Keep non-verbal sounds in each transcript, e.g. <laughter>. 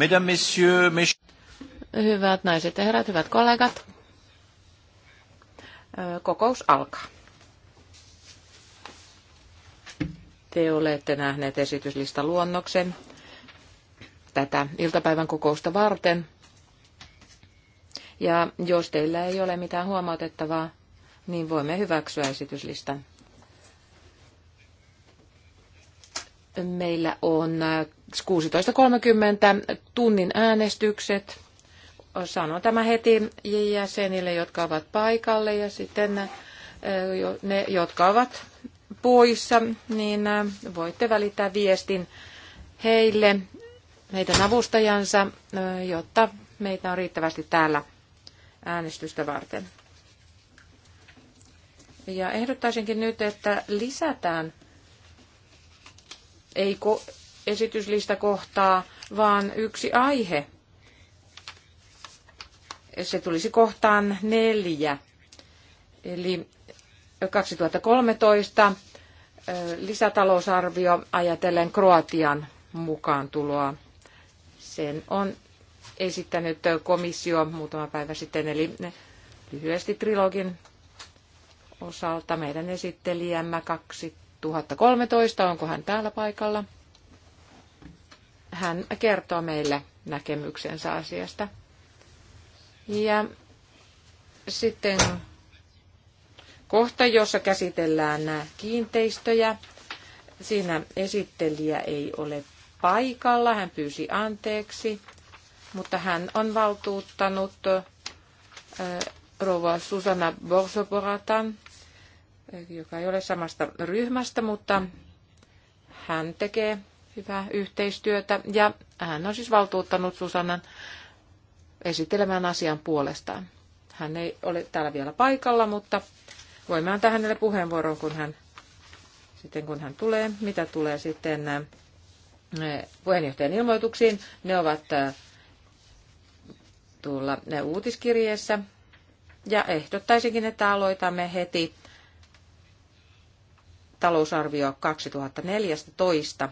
Mesdames, messieurs, mes... Hyvät naiset ja herrat, hyvät kollegat. Kokous alkaa. Te olette nähneet esityslista luonnoksen tätä iltapäivän kokousta varten. Ja jos teillä ei ole mitään huomautettavaa, niin voimme hyväksyä esityslistan. meillä on 16.30 äh, tunnin äänestykset. Sanon tämä heti jäsenille, jotka ovat paikalle ja sitten äh, ne, jotka ovat poissa, niin äh, voitte välittää viestin heille, meidän avustajansa, jotta meitä on riittävästi täällä äänestystä varten. Ja ehdottaisinkin nyt, että lisätään ei ko- esityslista kohtaa, vaan yksi aihe. Se tulisi kohtaan neljä. Eli 2013 lisätalousarvio ajatellen Kroatian mukaan tuloa. Sen on esittänyt komissio muutama päivä sitten, eli lyhyesti trilogin osalta meidän esittelijämme kaksi 2013, onko hän täällä paikalla. Hän kertoo meille näkemyksensä asiasta. Ja sitten kohta, jossa käsitellään nämä kiinteistöjä. Siinä esittelijä ei ole paikalla, hän pyysi anteeksi, mutta hän on valtuuttanut rouva Susanna Borsoporatan joka ei ole samasta ryhmästä, mutta hän tekee hyvää yhteistyötä ja hän on siis valtuuttanut Susannan esittelemään asian puolestaan. Hän ei ole täällä vielä paikalla, mutta voimme antaa hänelle puheenvuoron, kun hän, sitten kun hän tulee. Mitä tulee sitten äh, puheenjohtajan ilmoituksiin, ne ovat äh, tuolla äh, uutiskirjeessä. Ja ehdottaisinkin, että aloitamme heti talousarvio 2014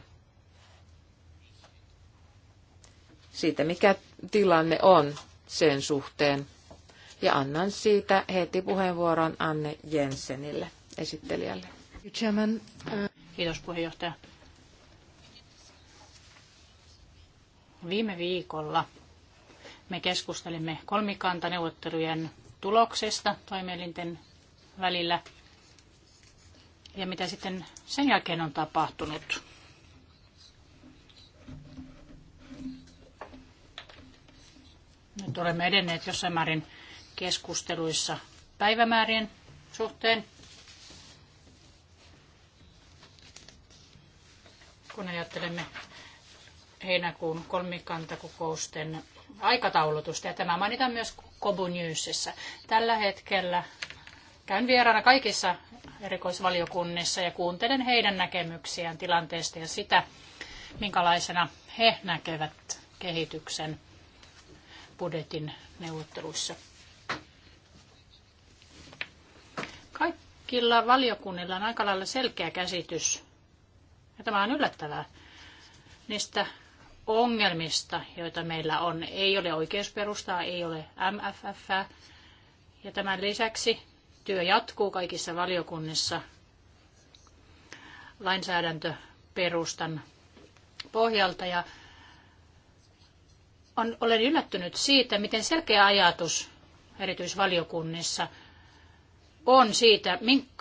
siitä, mikä tilanne on sen suhteen. Ja annan siitä heti puheenvuoron Anne Jensenille, esittelijälle. Uh, Kiitos puheenjohtaja. Viime viikolla me keskustelimme kolmikantaneuvottelujen tuloksesta toimielinten välillä – ja mitä sitten sen jälkeen on tapahtunut. Nyt olemme edenneet jossain määrin keskusteluissa päivämäärien suhteen. Kun ajattelemme heinäkuun kolmikantakokousten aikataulutusta, ja tämä mainitaan myös Kobu Tällä hetkellä Käyn vieraana kaikissa erikoisvaliokunnissa ja kuuntelen heidän näkemyksiään tilanteesta ja sitä, minkälaisena he näkevät kehityksen budjetin neuvotteluissa. Kaikilla valiokunnilla on aika lailla selkeä käsitys, ja tämä on yllättävää, niistä ongelmista, joita meillä on. Ei ole oikeusperustaa, ei ole MFF, ja tämän lisäksi Työ jatkuu kaikissa valiokunnissa lainsäädäntöperustan pohjalta ja on, olen yllättynyt siitä, miten selkeä ajatus erityisvaliokunnissa on siitä,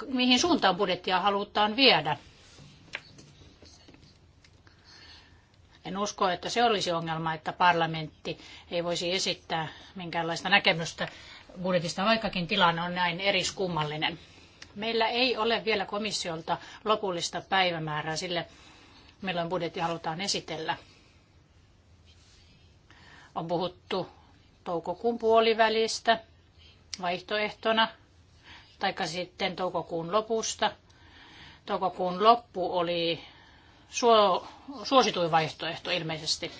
mihin suuntaan budjettia halutaan viedä. En usko, että se olisi ongelma, että parlamentti ei voisi esittää minkäänlaista näkemystä budjetista, vaikkakin tilanne on näin eriskummallinen. Meillä ei ole vielä komissiolta lopullista päivämäärää sille, milloin budjetti halutaan esitellä. On puhuttu toukokuun puolivälistä vaihtoehtona, taikka sitten toukokuun lopusta. Toukokuun loppu oli suo, suosituin vaihtoehto ilmeisesti.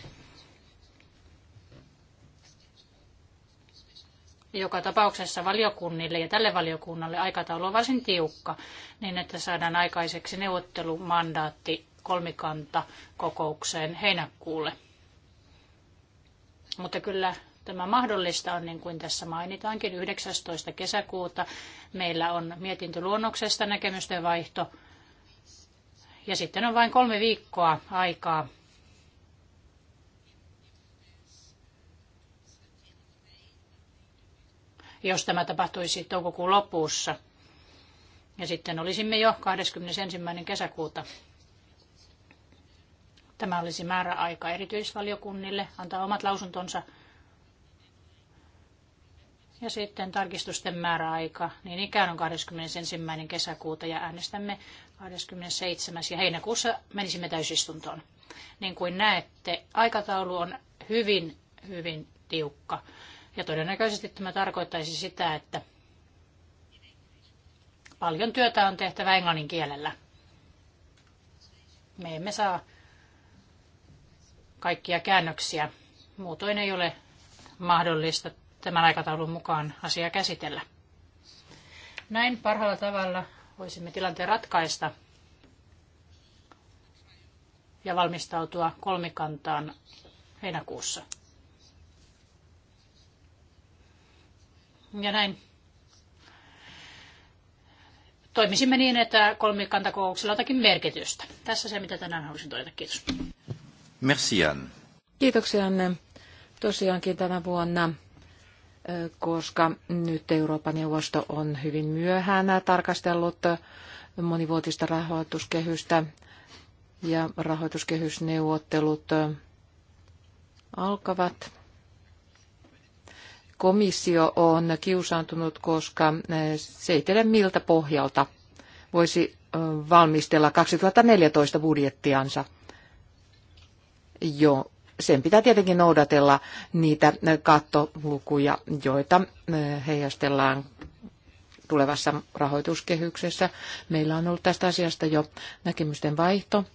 joka tapauksessa valiokunnille ja tälle valiokunnalle aikataulu on varsin tiukka, niin että saadaan aikaiseksi neuvottelumandaatti kolmikanta kokoukseen heinäkuulle. Mutta kyllä tämä mahdollista on, niin kuin tässä mainitaankin, 19. kesäkuuta meillä on mietintöluonnoksesta näkemysten vaihto. Ja sitten on vain kolme viikkoa aikaa jos tämä tapahtuisi toukokuun lopussa. Ja sitten olisimme jo 21. kesäkuuta. Tämä olisi määräaika erityisvaliokunnille antaa omat lausuntonsa. Ja sitten tarkistusten määräaika, niin ikään on 21. kesäkuuta ja äänestämme 27. ja heinäkuussa menisimme täysistuntoon. Niin kuin näette, aikataulu on hyvin, hyvin tiukka. Ja todennäköisesti tämä tarkoittaisi sitä, että paljon työtä on tehtävä englannin kielellä. Me emme saa kaikkia käännöksiä. Muutoin ei ole mahdollista tämän aikataulun mukaan asiaa käsitellä. Näin parhaalla tavalla voisimme tilanteen ratkaista ja valmistautua kolmikantaan heinäkuussa. Ja näin toimisimme niin, että kolmikantakouksella on jotakin merkitystä. Tässä se, mitä tänään halusin todeta. Kiitos. Merci, Anne. Kiitoksia, Anne. Tosiaankin tänä vuonna koska nyt Euroopan neuvosto on hyvin myöhään tarkastellut monivuotista rahoituskehystä ja rahoituskehysneuvottelut alkavat komissio on kiusaantunut, koska eh, se ei tiedä miltä pohjalta voisi eh, valmistella 2014 budjettiansa. Jo, sen pitää tietenkin noudatella niitä eh, kattolukuja, joita heijastellaan tulevassa rahoituskehyksessä. Meillä on ollut tästä asiasta jo näkemysten vaihto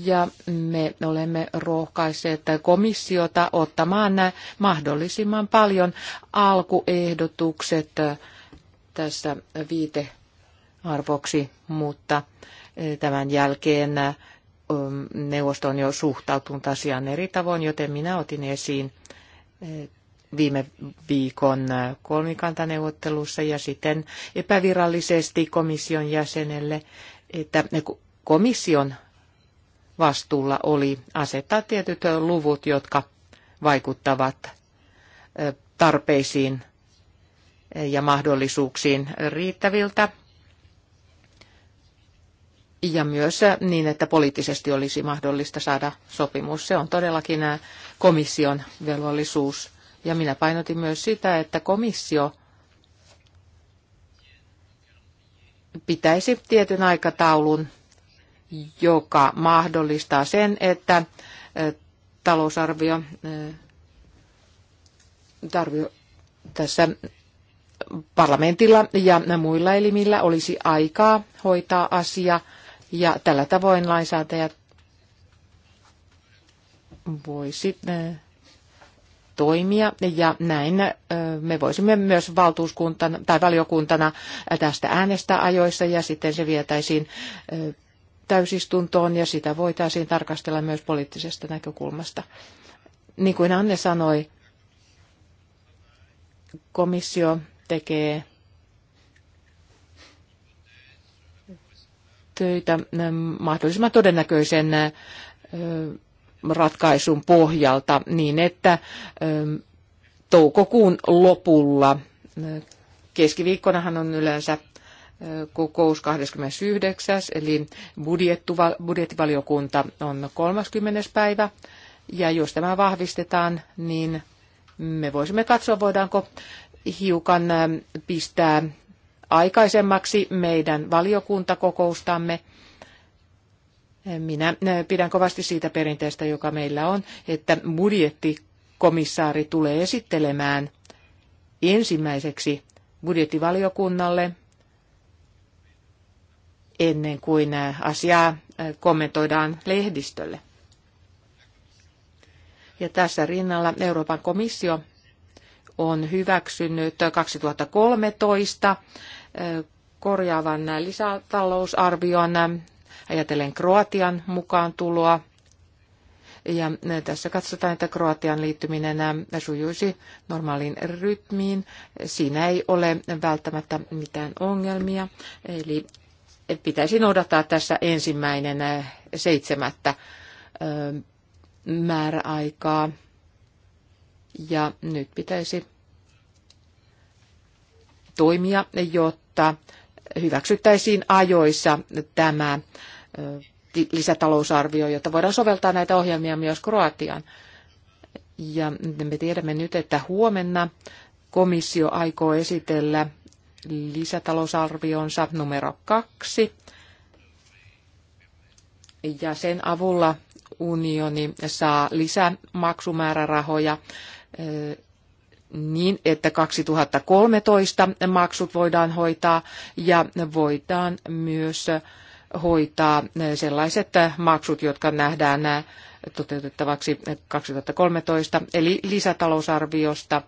ja me olemme rohkaisseet komissiota ottamaan nämä mahdollisimman paljon alkuehdotukset tässä viitearvoksi, mutta tämän jälkeen um, neuvosto on jo suhtautunut asiaan eri tavoin, joten minä otin esiin viime viikon kolmikantaneuvottelussa ja sitten epävirallisesti komission jäsenelle, että komission vastuulla oli asettaa tietyt luvut, jotka vaikuttavat tarpeisiin ja mahdollisuuksiin riittäviltä ja myös niin, että poliittisesti olisi mahdollista saada sopimus. Se on todellakin komission velvollisuus. Ja minä painotin myös sitä, että komissio pitäisi tietyn aikataulun, joka mahdollistaa sen, että talousarvio tarvio tässä parlamentilla ja muilla elimillä olisi aikaa hoitaa asia ja tällä tavoin lainsäätäjät voisi toimia ja näin me voisimme myös valtuuskuntana tai valiokuntana tästä äänestää ajoissa ja sitten se vietäisiin täysistuntoon ja sitä voitaisiin tarkastella myös poliittisesta näkökulmasta. Niin kuin Anne sanoi, komissio tekee töitä mahdollisimman todennäköisen ratkaisun pohjalta niin, että ähm, toukokuun lopulla, äh, keskiviikkonahan on yleensä äh, kokous 29. eli budjettivaliokunta on 30. päivä. Ja jos tämä vahvistetaan, niin me voisimme katsoa, voidaanko hiukan ähm, pistää aikaisemmaksi meidän valiokuntakokoustamme – minä pidän kovasti siitä perinteestä, joka meillä on, että budjettikomissaari tulee esittelemään ensimmäiseksi budjettivaliokunnalle ennen kuin asiaa kommentoidaan lehdistölle. Ja tässä rinnalla Euroopan komissio on hyväksynyt 2013 korjaavan lisätalousarvion ajatellen Kroatian mukaan tuloa. Ja eh, tässä katsotaan, että Kroatian liittyminen eh, sujuisi normaaliin rytmiin. Siinä ei ole välttämättä mitään ongelmia. Eli pitäisi noudattaa tässä ensimmäinen eh, seitsemättä määräaikaa. Ja nyt pitäisi toimia, jotta hyväksyttäisiin ajoissa tämä lisätalousarvio, jotta voidaan soveltaa näitä ohjelmia myös Kroatiaan. Ja me tiedämme nyt, että huomenna komissio aikoo esitellä lisätalousarvionsa numero kaksi. Ja sen avulla unioni saa lisämaksumäärärahoja niin, että 2013 maksut voidaan hoitaa ja voidaan myös hoitaa sellaiset maksut, jotka nähdään toteutettavaksi 2013, eli lisätalousarviosta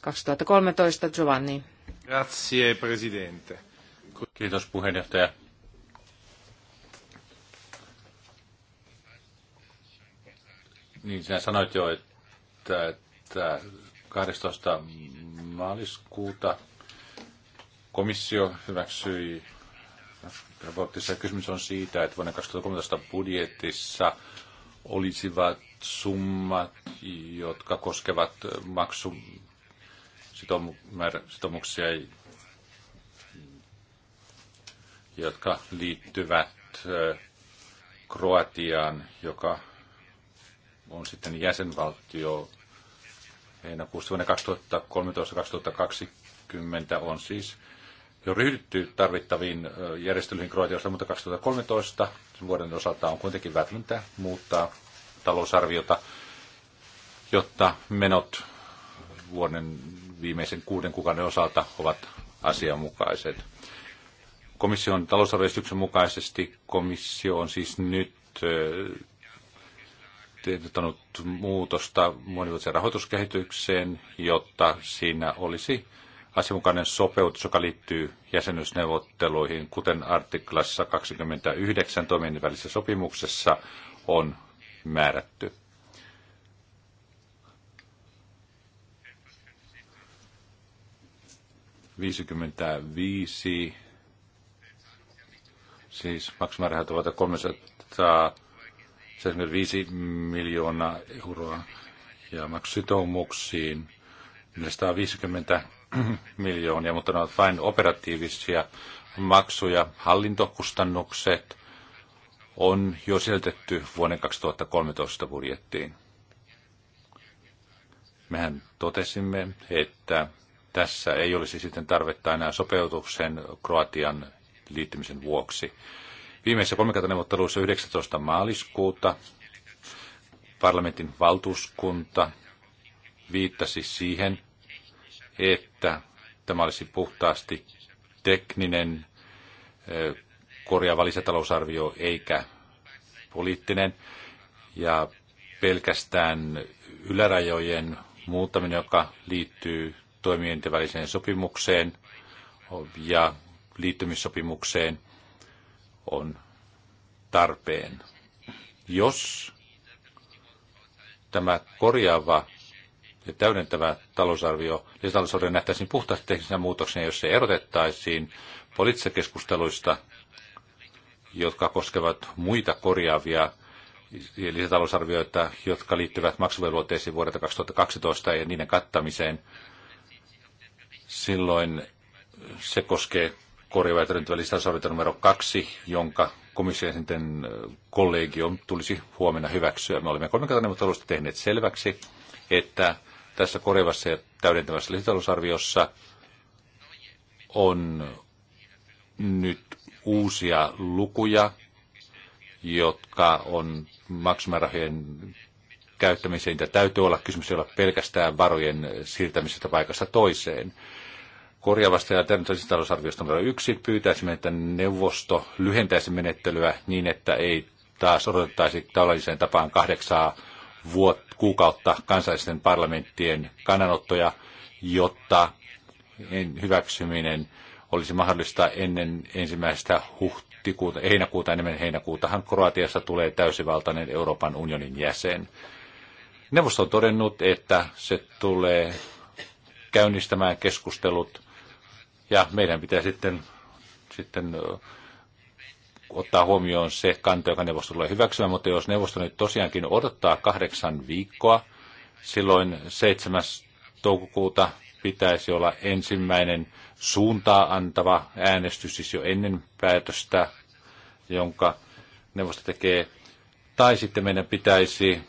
2013. Giovanni. Grazie, presidente. Kiitos puheenjohtaja. Niin, sinä sanoit jo, että, että 12. maaliskuuta komissio hyväksyi raportissa. Kysymys on siitä, että vuonna 2013 budjetissa olisivat summat, jotka koskevat maksusitoumuksia, jotka liittyvät Kroatiaan, joka on sitten jäsenvaltio heinäkuussa vuonna 2013-2020 on siis jo ryhdytty tarvittaviin järjestelyihin Kroatiassa, mutta 2013 vuoden osalta on kuitenkin välttämättä muuttaa talousarviota, jotta menot vuoden viimeisen kuuden kuukauden osalta ovat asianmukaiset. Komission talousarvioistuksen mukaisesti komissio on siis nyt ehdottanut muutosta monivuotiseen rahoituskehitykseen, jotta siinä olisi asianmukainen sopeutus, joka liittyy jäsenyysneuvotteluihin, kuten artiklassa 29 toimien välisessä sopimuksessa on määrätty. Viisikymmentäviisi, siis maksimäärähät ovat 300 75 miljoonaa euroa ja maksusitoumuksiin 450 <clears throat> miljoonia, mutta ne ovat vain operatiivisia maksuja. Hallintokustannukset on jo sieltetty vuoden 2013 budjettiin. Mehän totesimme, että tässä ei olisi sitten tarvetta enää sopeutuksen Kroatian liittymisen vuoksi viimeisessä kolmikantaneuvotteluissa 19. maaliskuuta parlamentin valtuuskunta viittasi siihen, että tämä olisi puhtaasti tekninen korjaava lisätalousarvio eikä poliittinen. Ja pelkästään ylärajojen muuttaminen, joka liittyy toimijoiden väliseen sopimukseen ja liittymissopimukseen – on tarpeen. Jos tämä korjaava ja täydentävä talousarvio, lisätalousarvio nähtäisiin puhtaasti teknisenä muutoksena, jos se erotettaisiin poliittisista keskusteluista, jotka koskevat muita korjaavia lisätalousarvioita, jotka liittyvät maksuvelvoitteisiin vuodelta 2012 ja niiden kattamiseen. Silloin se koskee korjaväitöiden välistä sovinto numero kaksi, jonka komissiojäsenten kollegion tulisi huomenna hyväksyä. Me olemme kolmikantaneuvottelusta tehneet selväksi, että tässä korjavassa ja täydentävässä lisätalousarviossa on nyt uusia lukuja, jotka on maksumäärärahojen käyttämiseen. Niitä täytyy olla kysymys ei ole pelkästään varojen siirtämisestä paikasta toiseen korjaavasta ja talousarviosta numero yksi pyytäisimme, että neuvosto lyhentäisi menettelyä niin, että ei taas odotettaisi tavalliseen tapaan kahdeksaa vuot, kuukautta kansallisten parlamenttien kannanottoja, jotta hyväksyminen olisi mahdollista ennen ensimmäistä huhtikuuta, heinäkuuta, enemmän heinäkuutahan Kroatiassa tulee täysivaltainen Euroopan unionin jäsen. Neuvosto on todennut, että se tulee käynnistämään keskustelut ja meidän pitää sitten, sitten ottaa huomioon se kanta, joka neuvosto tulee hyväksymään, mutta jos neuvosto nyt tosiaankin odottaa kahdeksan viikkoa, silloin 7. toukokuuta pitäisi olla ensimmäinen suuntaa antava äänestys, siis jo ennen päätöstä, jonka neuvosto tekee. Tai sitten meidän pitäisi,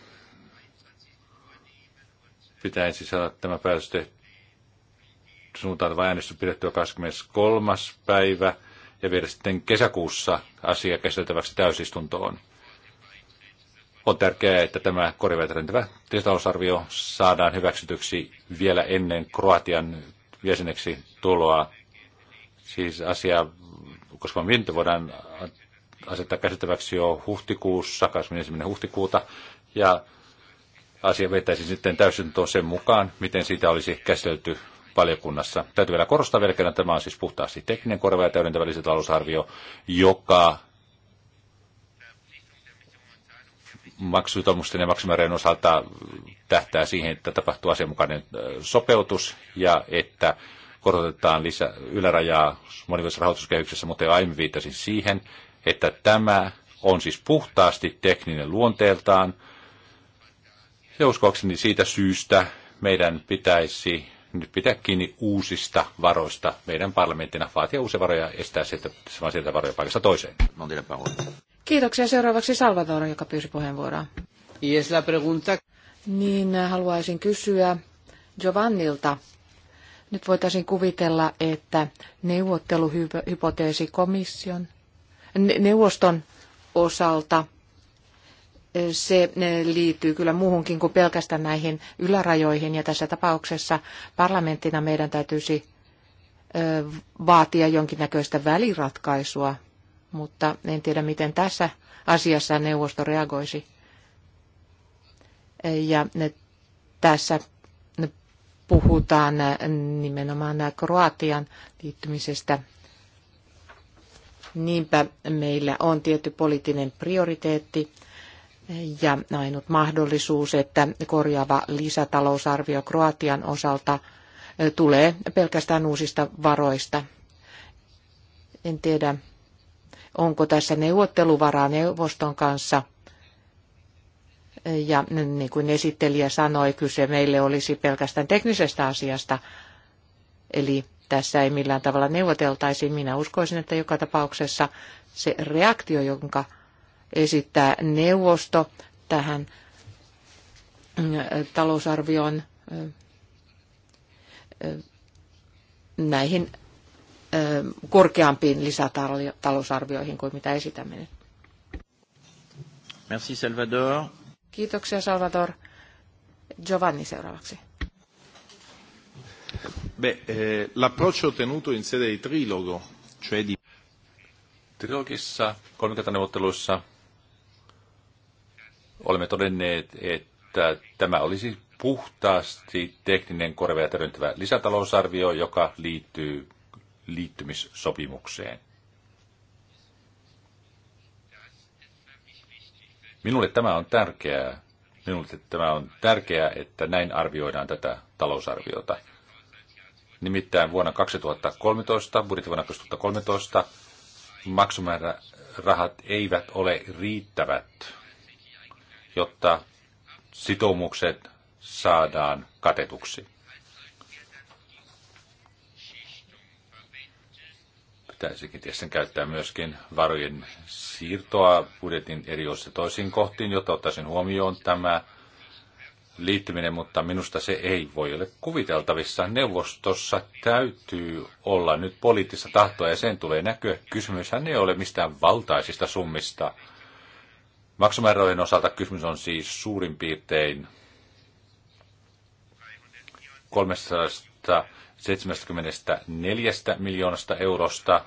pitäisi saada tämä päätös tehty suuntaantava äänestys pidettyä 23. päivä ja viedä sitten kesäkuussa asia käsiteltäväksi täysistuntoon. On tärkeää, että tämä korjaväitäntävä tietotalousarvio saadaan hyväksytyksi vielä ennen Kroatian jäseneksi tuloa. Siis asia, koska mietintö voidaan asettaa käsiteltäväksi jo huhtikuussa, 21. huhtikuuta, ja asia vetäisi sitten täysin sen mukaan, miten siitä olisi käsitelty valiokunnassa. Täytyy vielä korostaa vielä kerran, tämä on siis puhtaasti tekninen korva- ja täydentävä lisätalousarvio, joka maksutomusten ja maksimäärien osalta tähtää siihen, että tapahtuu asianmukainen sopeutus ja että korotetaan lisä, ylärajaa monivuotisessa rahoituskehyksessä, mutta jo aiemmin viittasin siihen, että tämä on siis puhtaasti tekninen luonteeltaan. Ja uskoakseni siitä syystä meidän pitäisi nyt pitää kiinni uusista varoista. Meidän parlamenttina vaatia uusia varoja ja estää se, että vaan sieltä varoja paikasta toiseen. Kiitoksia. Seuraavaksi Salvatore, joka pyysi puheenvuoroa. Yes, la pregunta. Niin, haluaisin kysyä Giovannilta. Nyt voitaisiin kuvitella, että neuvotteluhypoteesi komission, neuvoston osalta se eh, liittyy kyllä muuhunkin kuin pelkästään näihin ylärajoihin. Ja tässä tapauksessa parlamenttina meidän täytyisi eh, vaatia jonkinnäköistä väliratkaisua, mutta en tiedä miten tässä asiassa neuvosto reagoisi. Eh, ja tässä puhutaan nimenomaan Kroatian liittymisestä. Niinpä meillä on tietty poliittinen prioriteetti ja ainut mahdollisuus, että korjaava lisätalousarvio Kroatian osalta tulee pelkästään uusista varoista. En tiedä, onko tässä neuvotteluvaraa neuvoston kanssa. Ja niin kuin esittelijä sanoi, kyse meille olisi pelkästään teknisestä asiasta. Eli tässä ei millään tavalla neuvoteltaisi. Minä uskoisin, että joka tapauksessa se reaktio, jonka esittää neuvosto tähän mm, talousarvioon näihin korkeampiin lisätalousarvioihin kuin mitä esitämme nyt. Merci Salvador. Kiitoksia Salvador. Giovanni seuraavaksi. Eh, l'approccio ottenuto in sede di trilogo, cioè di... Trilogissa, kolmikantaneuvotteluissa, olemme todenneet, että tämä olisi puhtaasti tekninen korvea täydentävä lisätalousarvio, joka liittyy liittymissopimukseen. Minulle tämä on tärkeää. Minulle tämä on tärkeää, että näin arvioidaan tätä talousarviota. Nimittäin vuonna 2013, budjettivuonna 2013, maksumäärärahat eivät ole riittävät jotta sitoumukset saadaan katetuksi. Pitäisikin tietysti käyttää myöskin varojen siirtoa budjetin eri osissa toisiin kohtiin, jotta ottaisin huomioon tämä liittyminen, mutta minusta se ei voi ole kuviteltavissa. Neuvostossa täytyy olla nyt poliittista tahtoa ja sen tulee näkyä. Kysymyshän ei ole mistään valtaisista summista Maksumäärärahojen osalta kysymys on siis suurin piirtein 374 miljoonasta eurosta.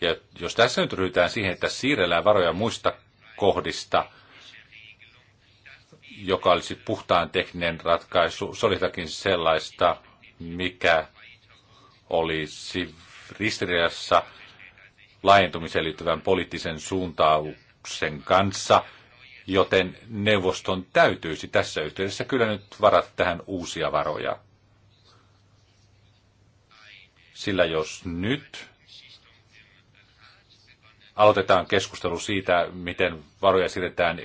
Ja jos tässä nyt ryhdytään siihen, että siirrellään varoja muista kohdista, joka olisi puhtaan tekninen ratkaisu, se oli jotakin sellaista, mikä olisi ristiriidassa laajentumiseen liittyvän poliittisen suuntauksen kanssa, joten neuvoston täytyisi tässä yhteydessä kyllä nyt varata tähän uusia varoja. Sillä jos nyt aloitetaan keskustelu siitä, miten varoja siirretään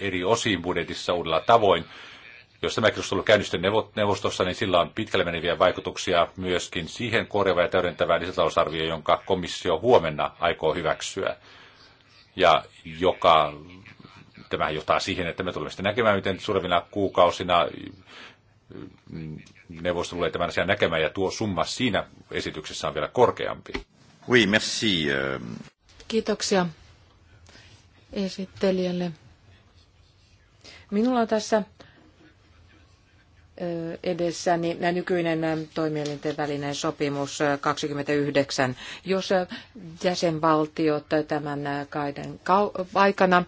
eri osiin budjetissa uudella tavoin, jos tämä keskustelu käynnistyy neuvostossa, niin sillä on pitkälle meneviä vaikutuksia myöskin siihen korjaavaan ja täydentävään lisätalousarvioon, jonka komissio huomenna aikoo hyväksyä. Ja joka, tämä johtaa siihen, että me tulemme sitten näkemään, miten suurevina kuukausina neuvosto tulee tämän asian näkemään, ja tuo summa siinä esityksessä on vielä korkeampi. Oui, merci. Euh. Kiitoksia esittelijälle. Minulla on tässä edessäni niin nykyinen toimielinten välinen sopimus 29. Jos jäsenvaltiot tämän kaiden aikana,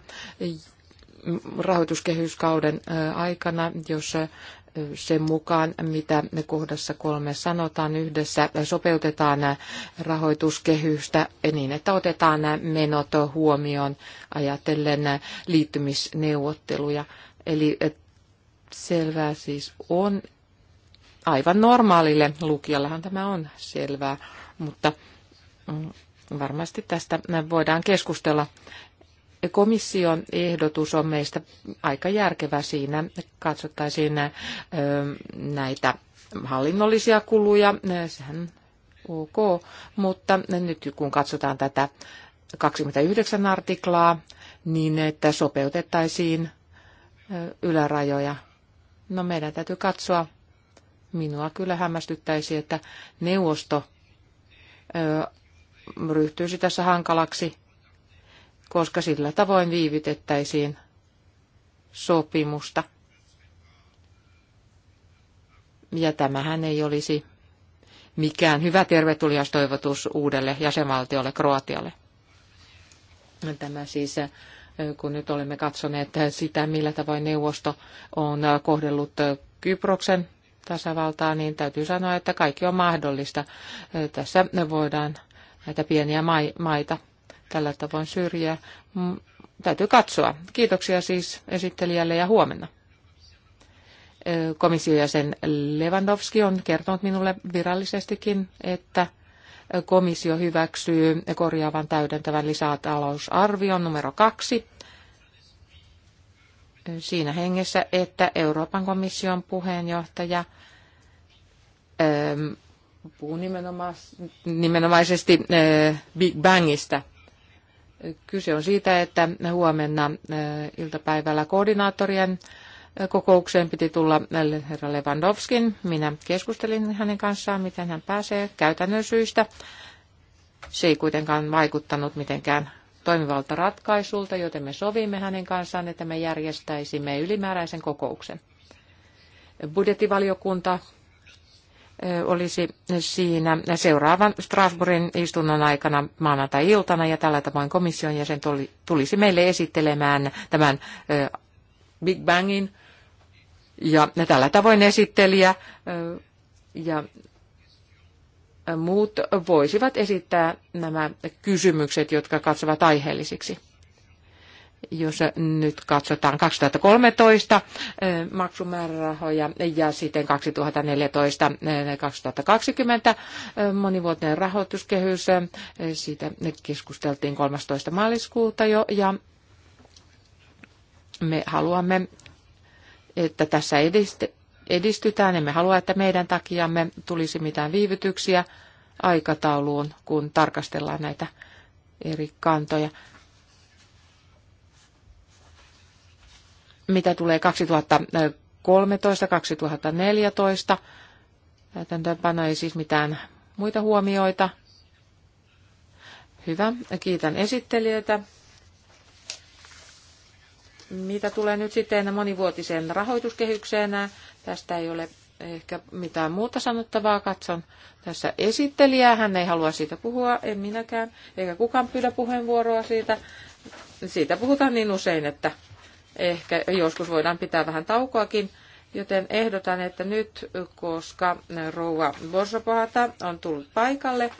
rahoituskehyskauden aikana, jos sen mukaan, mitä kohdassa kolme sanotaan yhdessä, sopeutetaan rahoituskehystä niin, että otetaan menot huomioon ajatellen liittymisneuvotteluja. Eli selvää siis on. Aivan normaalille lukijallahan tämä on selvää, mutta mm, varmasti tästä voidaan keskustella. Komission ehdotus on meistä aika järkevä siinä. Katsottaisiin näitä hallinnollisia kuluja, sehän ok, mutta nyt kun katsotaan tätä 29 artiklaa, niin että sopeutettaisiin ylärajoja No meidän täytyy katsoa. Minua kyllä hämmästyttäisi, että neuvosto ö, ryhtyisi tässä hankalaksi, koska sillä tavoin viivytettäisiin sopimusta. Ja tämähän ei olisi mikään hyvä tervetuliastoivotus uudelle jäsenvaltiolle Kroatialle. Tämä siis kun nyt olemme katsoneet sitä, millä tavoin neuvosto on kohdellut Kyproksen tasavaltaa, niin täytyy sanoa, että kaikki on mahdollista. Tässä voidaan näitä pieniä maita tällä tavoin syrjiä. Täytyy katsoa. Kiitoksia siis esittelijälle ja huomenna. Komission jäsen Lewandowski on kertonut minulle virallisestikin, että komissio hyväksyy korjaavan täydentävän lisätalousarvion numero kaksi siinä hengessä, että Euroopan komission puheenjohtaja ähm, puhuu nimenomaisesti äh, Big Bangista. Kyse on siitä, että huomenna äh, iltapäivällä koordinaattorien kokoukseen piti tulla herra Lewandowskin. Minä keskustelin hänen kanssaan, miten hän pääsee käytännön syistä. Se ei kuitenkaan vaikuttanut mitenkään toimivalta ratkaisulta, joten me sovimme hänen kanssaan, että me järjestäisimme ylimääräisen kokouksen. Budjettivaliokunta olisi siinä seuraavan Strasbourgin istunnon aikana maanantai-iltana ja tällä tavoin komission jäsen tulisi meille esittelemään tämän Big Bangin ja tällä tavoin esittelijä ja muut voisivat esittää nämä kysymykset, jotka katsovat aiheellisiksi. Jos nyt katsotaan 2013 maksumäärärahoja ja sitten 2014-2020 monivuotinen rahoituskehys, siitä keskusteltiin 13. maaliskuuta jo ja me haluamme että tässä edistytään. Emme halua, että meidän takiamme tulisi mitään viivytyksiä aikatauluun, kun tarkastellaan näitä eri kantoja. Mitä tulee 2013-2014, täytäntöönpano ei siis mitään muita huomioita. Hyvä, kiitän esittelijöitä. Mitä tulee nyt sitten monivuotiseen rahoituskehykseen, tästä ei ole ehkä mitään muuta sanottavaa. Katson tässä esittelijää, hän ei halua siitä puhua, en minäkään, eikä kukaan pyydä puheenvuoroa siitä. Siitä puhutaan niin usein, että ehkä joskus voidaan pitää vähän taukoakin. Joten ehdotan, että nyt, koska rouva Borsopohata on tullut paikalle,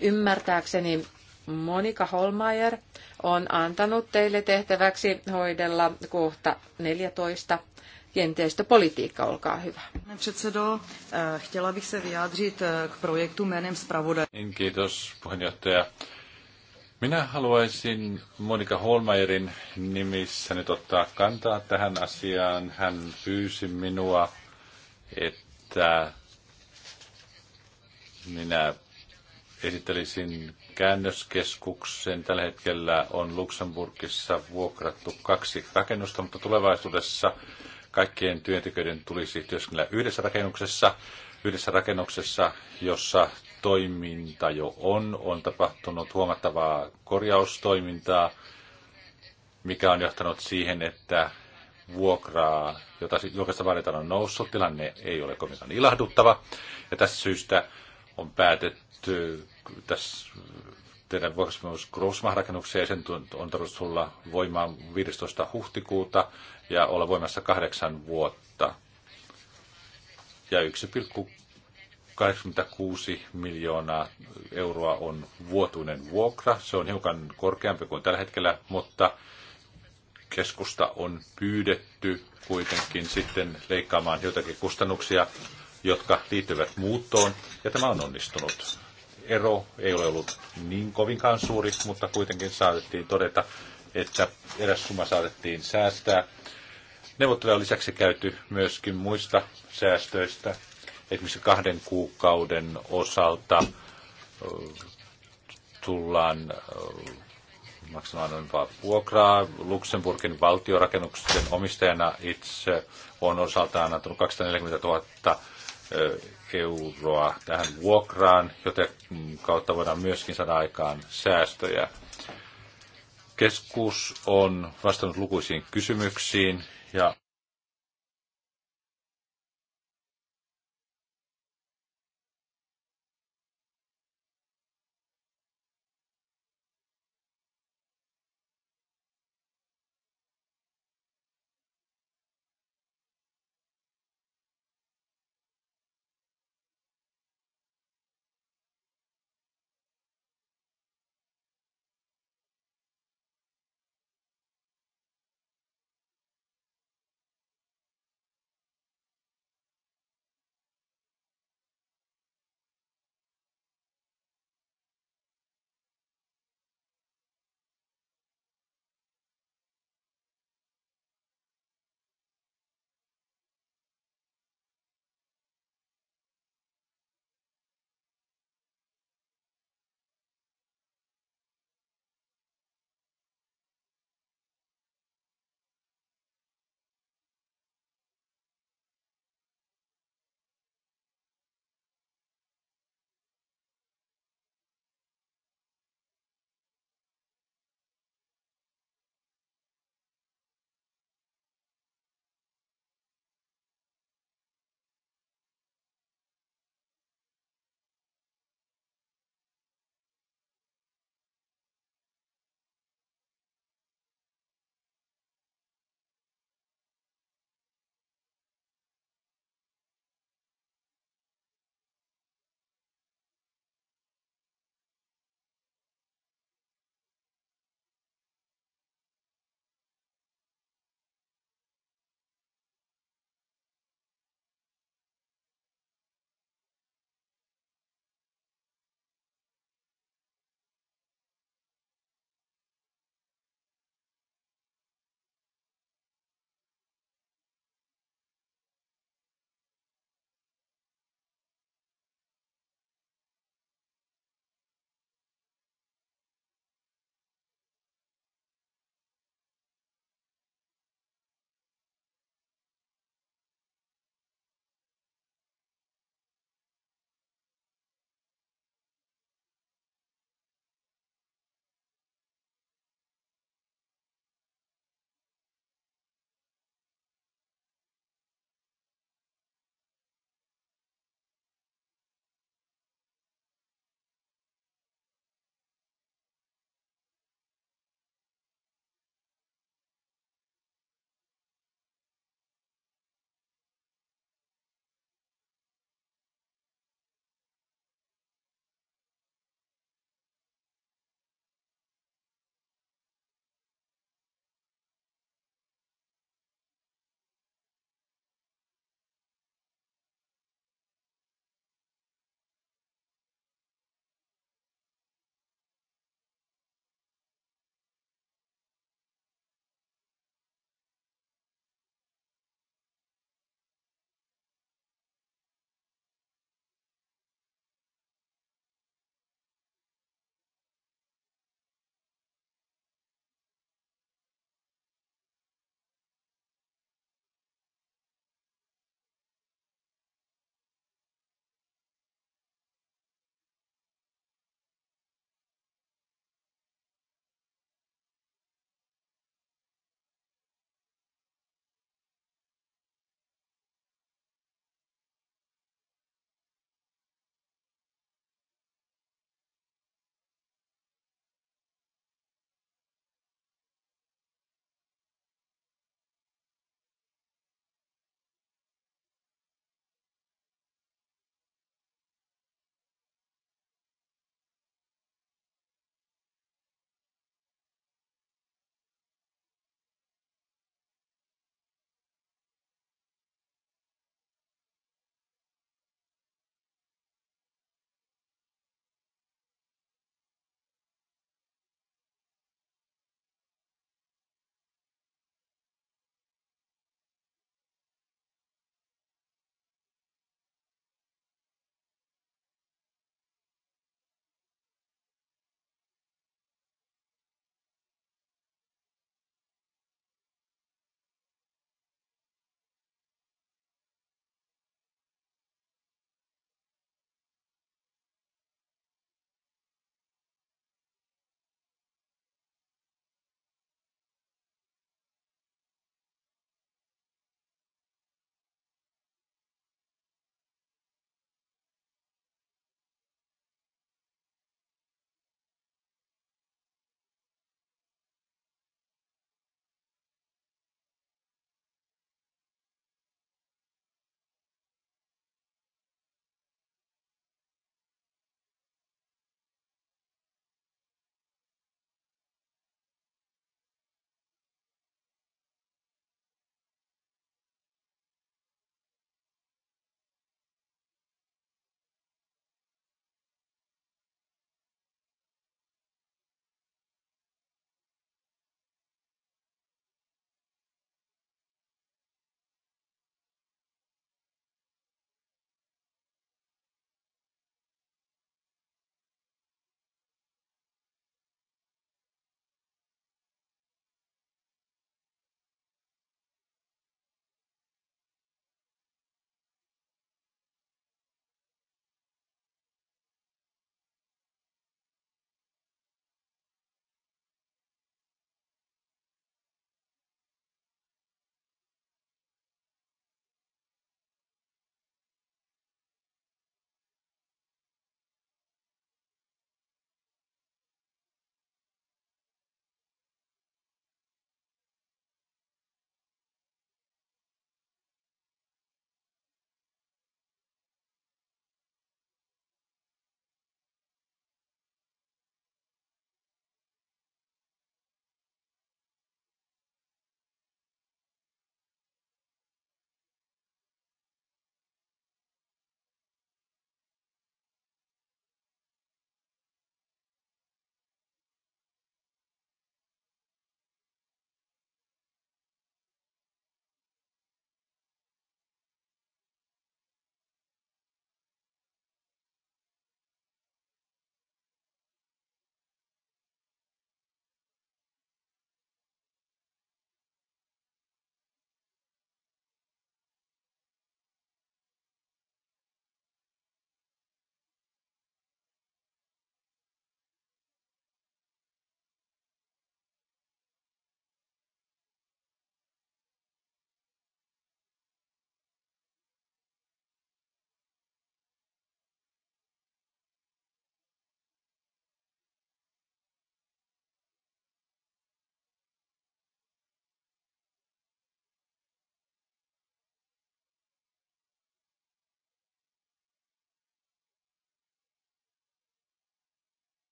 ymmärtääkseni Monika Holmeier on antanut teille tehtäväksi hoidella kohta 14 kiinteistöpolitiikka, olkaa hyvä. Předsedo, eh, chtěla bych se vyjádřit eh, k projektu jménem niin, Kiitos puheenjohtaja. Minä haluaisin Monika Holmeierin nimissä nyt ottaa kantaa tähän asiaan. Hän pyysi minua, että minä esittelisin käännöskeskuksen. Tällä hetkellä on Luxemburgissa vuokrattu kaksi rakennusta, mutta tulevaisuudessa kaikkien työntekijöiden tulisi työskennellä yhdessä rakennuksessa. Yhdessä rakennuksessa, jossa toiminta jo on, on tapahtunut huomattavaa korjaustoimintaa, mikä on johtanut siihen, että vuokraa, jota julkista vaaditaan on noussut. Tilanne ei ole kovinkaan ilahduttava. Ja tästä syystä on päätetty tässä teidän vuokrasopimus Grossmah-rakennuksia ja sen on tarkoitus tulla voimaan 15. huhtikuuta ja olla voimassa kahdeksan vuotta. Ja 1,86 miljoonaa euroa on vuotuinen vuokra. Se on hiukan korkeampi kuin tällä hetkellä, mutta keskusta on pyydetty kuitenkin sitten leikkaamaan jotakin kustannuksia, jotka liittyvät muuttoon, ja tämä on onnistunut ero ei ole ollut niin kovinkaan suuri, mutta kuitenkin saatettiin todeta, että eräs summa saatettiin säästää. Neuvotteluja on lisäksi käyty myöskin muista säästöistä, esimerkiksi kahden kuukauden osalta tullaan maksamaan olevaa vuokraa. Luxemburgin valtiorakennuksen omistajana itse on osaltaan antanut 240 000 euroa tähän vuokraan, joten kautta voidaan myöskin saada aikaan säästöjä. Keskus on vastannut lukuisiin kysymyksiin ja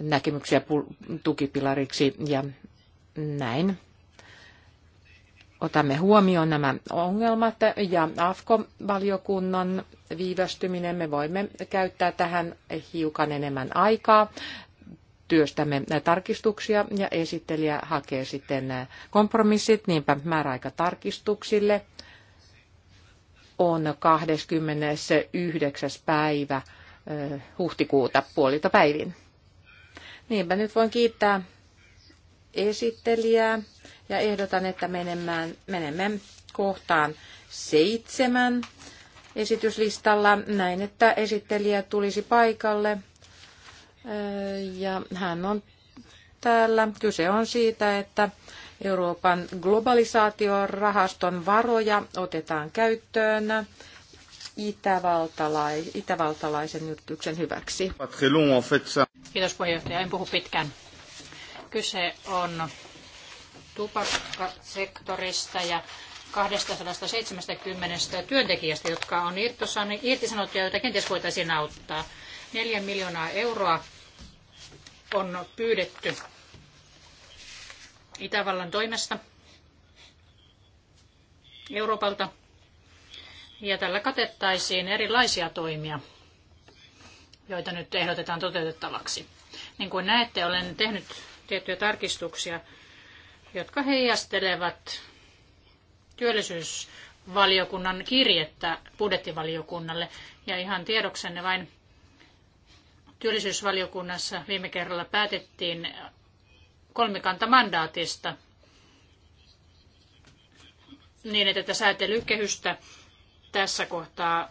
näkemyksiä tukipilariksi ja näin. Otamme huomioon nämä ongelmat ja AFKO-valiokunnan viivästyminen. Me voimme käyttää tähän hiukan enemmän aikaa. Työstämme tarkistuksia ja esittelijä hakee sitten kompromissit, niinpä määräaika tarkistuksille on 29. päivä huhtikuuta puolilta päivin. Niinpä nyt voin kiittää esittelijää ja ehdotan, että menemään, menemme kohtaan seitsemän esityslistalla näin, että esittelijä tulisi paikalle. Ja hän on täällä. Kyse on siitä, että Euroopan globalisaatiorahaston varoja otetaan käyttöön itävaltalai, itävaltalaisen yrityksen hyväksi. Kiitos puheenjohtaja, en puhu pitkään. Kyse on tupakkasektorista ja 270 työntekijästä, jotka on irtisanottuja, joita kenties voitaisiin auttaa. 4 miljoonaa euroa on pyydetty Itävallan toimesta Euroopalta ja tällä katettaisiin erilaisia toimia, joita nyt ehdotetaan toteutettavaksi. Niin kuin näette, olen tehnyt tiettyjä tarkistuksia, jotka heijastelevat työllisyysvaliokunnan kirjettä budjettivaliokunnalle. Ja ihan tiedoksenne vain työllisyysvaliokunnassa viime kerralla päätettiin kolmikantamandaatista niin, että tätä säätelykehystä tässä kohtaa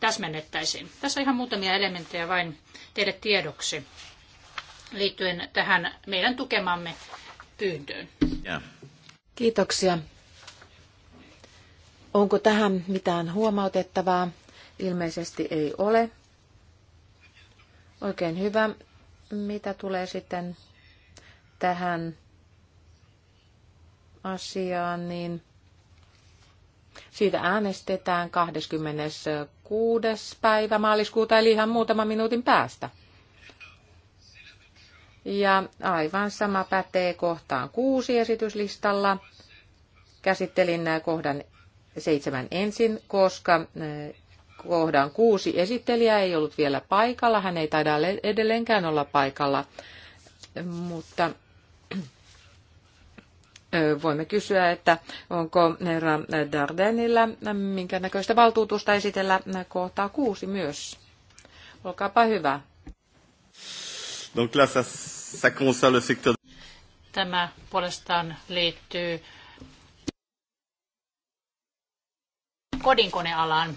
täsmennettäisiin. Tässä ihan muutamia elementtejä vain teille tiedoksi liittyen tähän meidän tukemamme pyyntöön. Kiitoksia. Onko tähän mitään huomautettavaa? Ilmeisesti ei ole. Oikein hyvä. Mitä tulee sitten tähän asiaan, niin siitä äänestetään 26. päivä maaliskuuta, eli ihan muutaman minuutin päästä. Ja aivan sama pätee kohtaan kuusi esityslistalla. Käsittelin kohdan seitsemän ensin, koska kohdan kuusi esittelijä ei ollut vielä paikalla. Hän ei taida edelleenkään olla paikalla, mutta voimme kysyä, että onko herra Dardenilla minkä näköistä valtuutusta esitellä kohtaa kuusi myös. Olkaapa hyvä. Donc là, ça, ça concerne le secteur. Tämä puolestaan liittyy kodinkonealaan.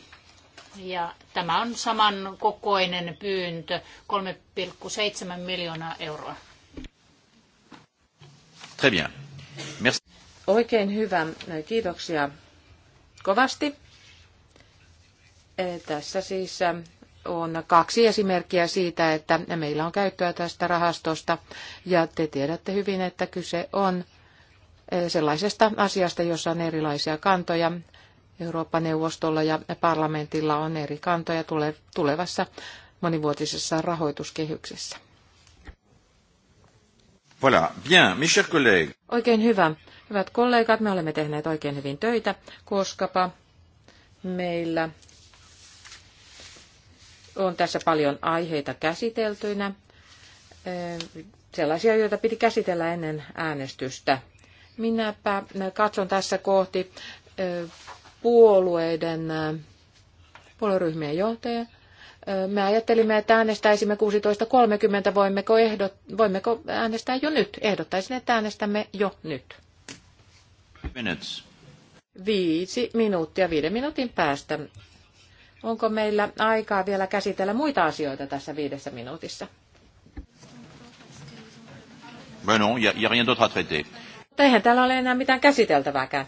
Ja tämä on saman kokoinen pyyntö, 3,7 miljoonaa euroa. Très bien. Merci. Oikein hyvä. Kiitoksia kovasti. Eh, tässä siis eh, on kaksi esimerkkiä siitä, että meillä on käyttöä tästä rahastosta ja te tiedätte hyvin, että kyse on eh, sellaisesta asiasta, jossa on erilaisia kantoja. Euroopan neuvostolla ja parlamentilla on eri kantoja tulevassa monivuotisessa rahoituskehyksessä. Voilà, bien, mes chers collègues. Oikein hyvä. Hyvät kollegat, me olemme tehneet oikein hyvin töitä, koskapa meillä on tässä paljon aiheita käsiteltyinä, sellaisia, joita piti käsitellä ennen äänestystä. Minäpä katson tässä kohti puolueiden, puolueryhmien johtajia me ajattelimme, että äänestäisimme 16.30. Voimmeko, ehdot, voimmeko äänestää jo nyt? Ehdottaisin, että äänestämme jo nyt. Minutes. Viisi minuuttia, viiden minuutin päästä. Onko meillä aikaa vielä käsitellä muita asioita tässä viidessä minuutissa? Ben non, y a, y a rien à traiter. Mutta eihän täällä ole enää mitään käsiteltävääkään.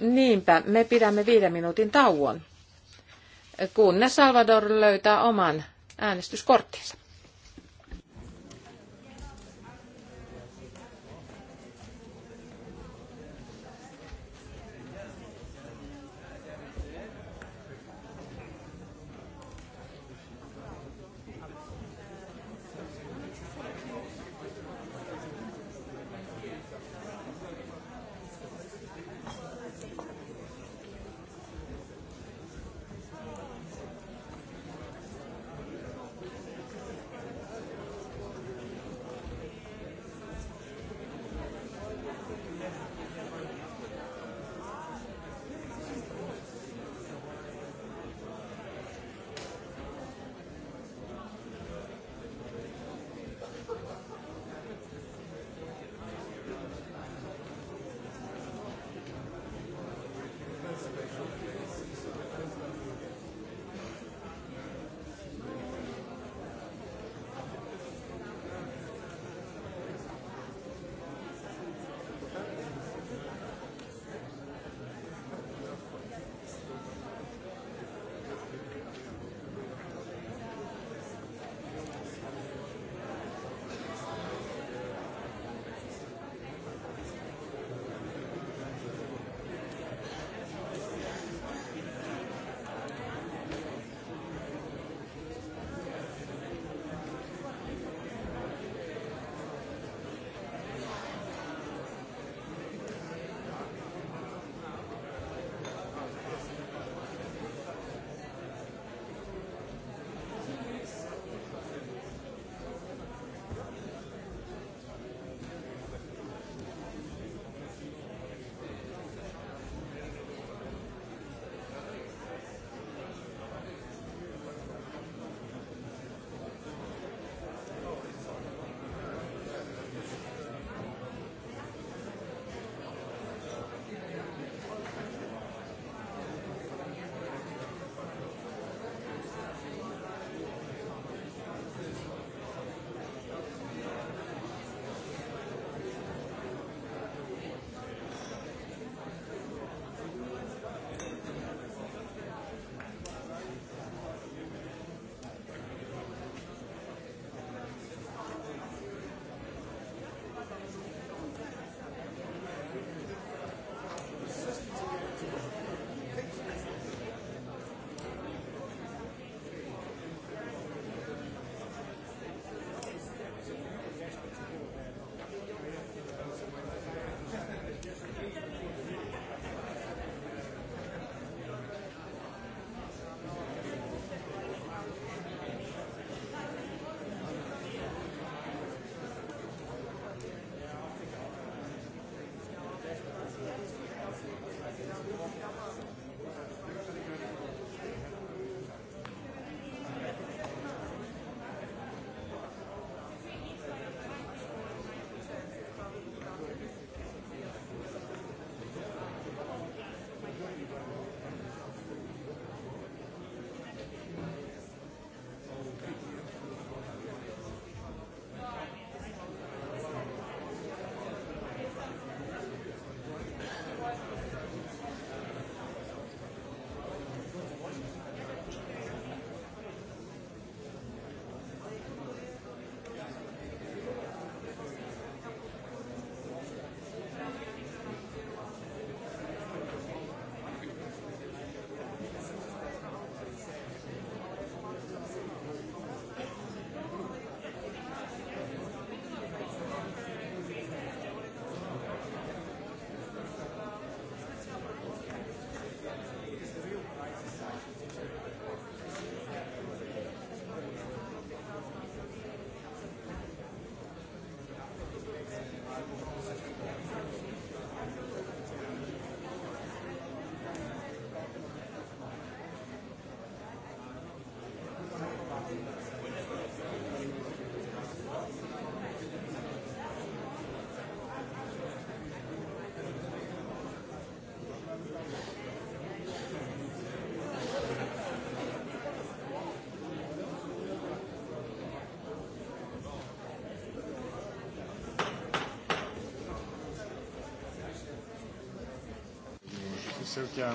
Niinpä, me pidämme viiden minuutin tauon kunnes Salvador löytää oman äänestyskorttinsa.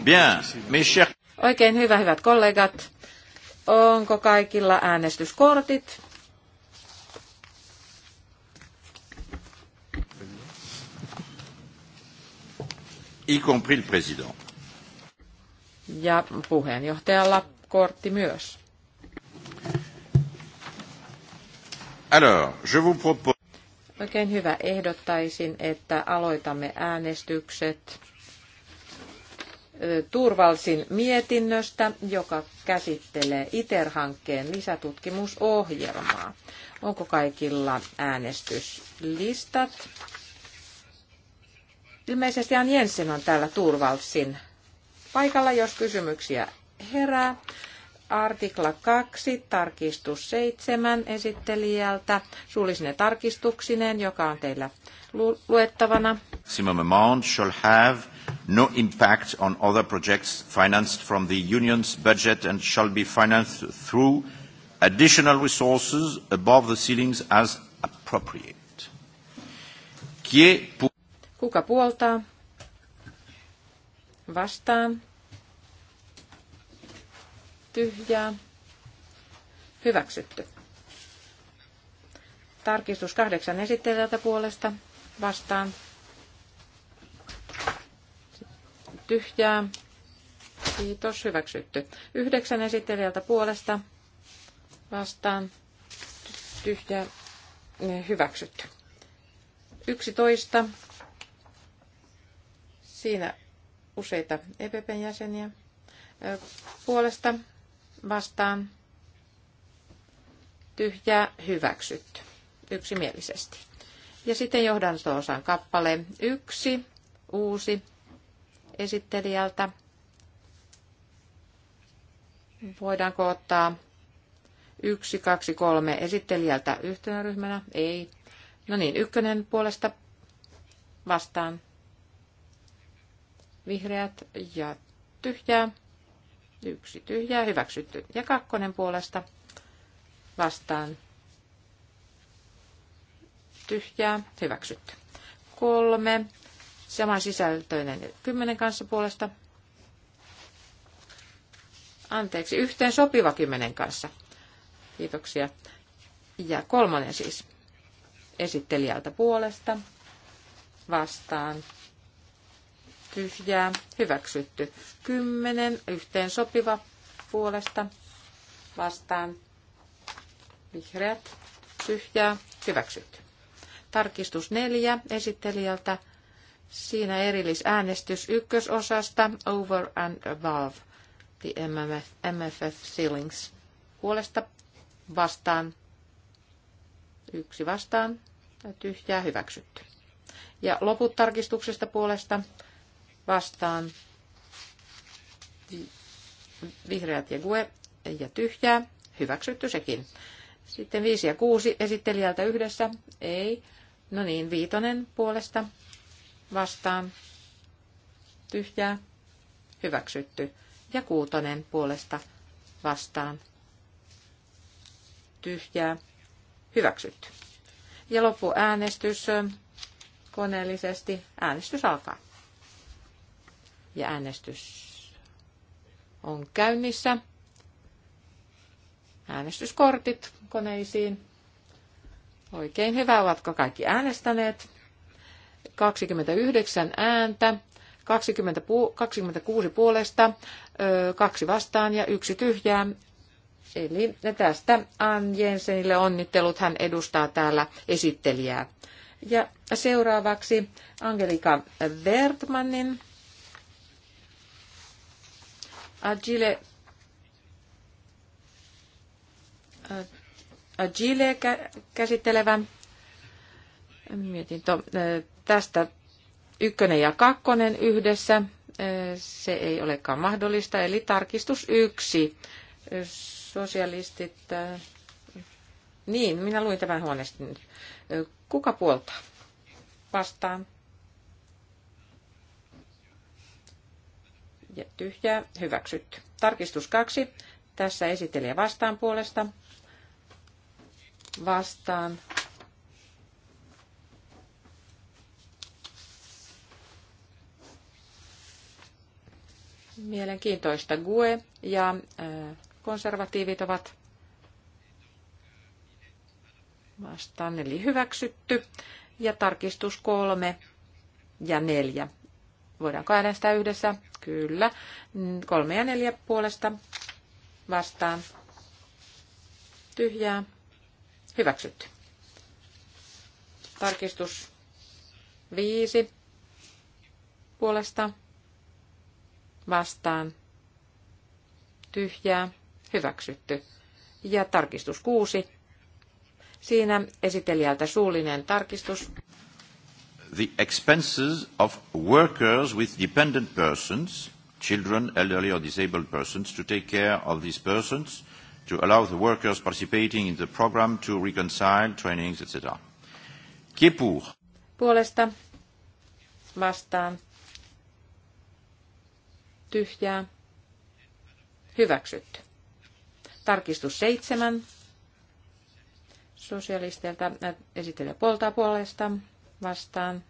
Bien, mes chers... Oikein hyvä, hyvät kollegat. Onko kaikilla äänestyskortit? Y compris le président. Ja puheenjohtajalla kortti myös. Alors, je vous propose... Oikein hyvä. Ehdottaisin, että aloitamme äänestykset Turvalsin mietinnöstä, joka käsittelee ITER-hankkeen lisätutkimusohjelmaa. Onko kaikilla äänestyslistat? Ilmeisesti Jan Jensen on täällä Turvalsin paikalla, jos kysymyksiä herää. Artikla 2, tarkistus 7 esittelijältä, suullisine tarkistuksineen, joka on teillä luettavana. Simon shall have no impact on other projects financed from the Union's budget and shall be financed through additional resources above the ceilings as appropriate. Kuka puoltaa? Vastaan. Tyhjää. Hyväksytty. Tarkistus kahdeksan esittelijältä puolesta. Vastaan. tyhjää. Kiitos, hyväksytty. Yhdeksän esittelijältä puolesta vastaan tyhjää, hyväksytty. Yksitoista. Siinä useita EPPn jäseniä puolesta vastaan tyhjää hyväksytty yksimielisesti. Ja sitten johdanto-osan kappale yksi, uusi esittelijältä. Voidaanko ottaa yksi, kaksi, kolme esittelijältä yhtenä ryhmänä? Ei. No niin, ykkönen puolesta vastaan. Vihreät ja tyhjää. Yksi tyhjää, hyväksytty. Ja kakkonen puolesta vastaan. Tyhjää, hyväksytty. Kolme Saman sisältöinen kymmenen kanssa puolesta. Anteeksi, yhteen sopiva kymmenen kanssa. Kiitoksia. Ja kolmonen siis esittelijältä puolesta vastaan tyhjää, hyväksytty. Kymmenen, yhteen sopiva puolesta, vastaan, vihreät, tyhjää, hyväksytty. Tarkistus neljä, esittelijältä Siinä erillisäänestys ykkösosasta Over and Above the MFF Ceilings. Puolesta vastaan. Yksi vastaan. Tyhjää hyväksytty. Ja loput tarkistuksesta puolesta vastaan. Vihreät ja GUE ja tyhjää. Hyväksytty sekin. Sitten viisi ja kuusi esittelijältä yhdessä. Ei. No niin, viitonen puolesta vastaan tyhjää hyväksytty ja kuutonen puolesta vastaan tyhjää hyväksytty. Ja loppuäänestys koneellisesti. Äänestys alkaa. Ja äänestys on käynnissä. Äänestyskortit koneisiin. Oikein hyvä, ovatko kaikki äänestäneet? 29 ääntä, 20, 26 puolesta, kaksi vastaan ja yksi tyhjää. Eli tästä Ann Jensenille onnittelut, hän edustaa täällä esittelijää. Ja seuraavaksi Angelika Wertmannin Agile, Agile käsittelevä mietintö tästä ykkönen ja kakkonen yhdessä. Se ei olekaan mahdollista, eli tarkistus yksi. Sosialistit, niin, minä luin tämän huoneesti nyt. Kuka puolta Vastaan. Ja tyhjää, hyväksytty. Tarkistus kaksi. Tässä esittelijä vastaan puolesta. Vastaan mielenkiintoista. GUE ja konservatiivit ovat vastaan, eli hyväksytty. Ja tarkistus kolme ja neljä. Voidaanko äänestää yhdessä? Kyllä. Kolme ja neljä puolesta vastaan. Tyhjää. Hyväksytty. Tarkistus viisi puolesta vastaan tyhjää hyväksytty. Ja tarkistus kuusi. Siinä esitelijältä suullinen tarkistus. The expenses of workers with dependent persons, children, elderly or disabled persons, to take care of these persons, to allow the workers participating in the program to reconcile trainings, etc. Qui Puolesta vastaan tyhjää, hyväksytty. Tarkistus seitsemän sosialisteilta äh, esittelee puolta puolesta vastaan.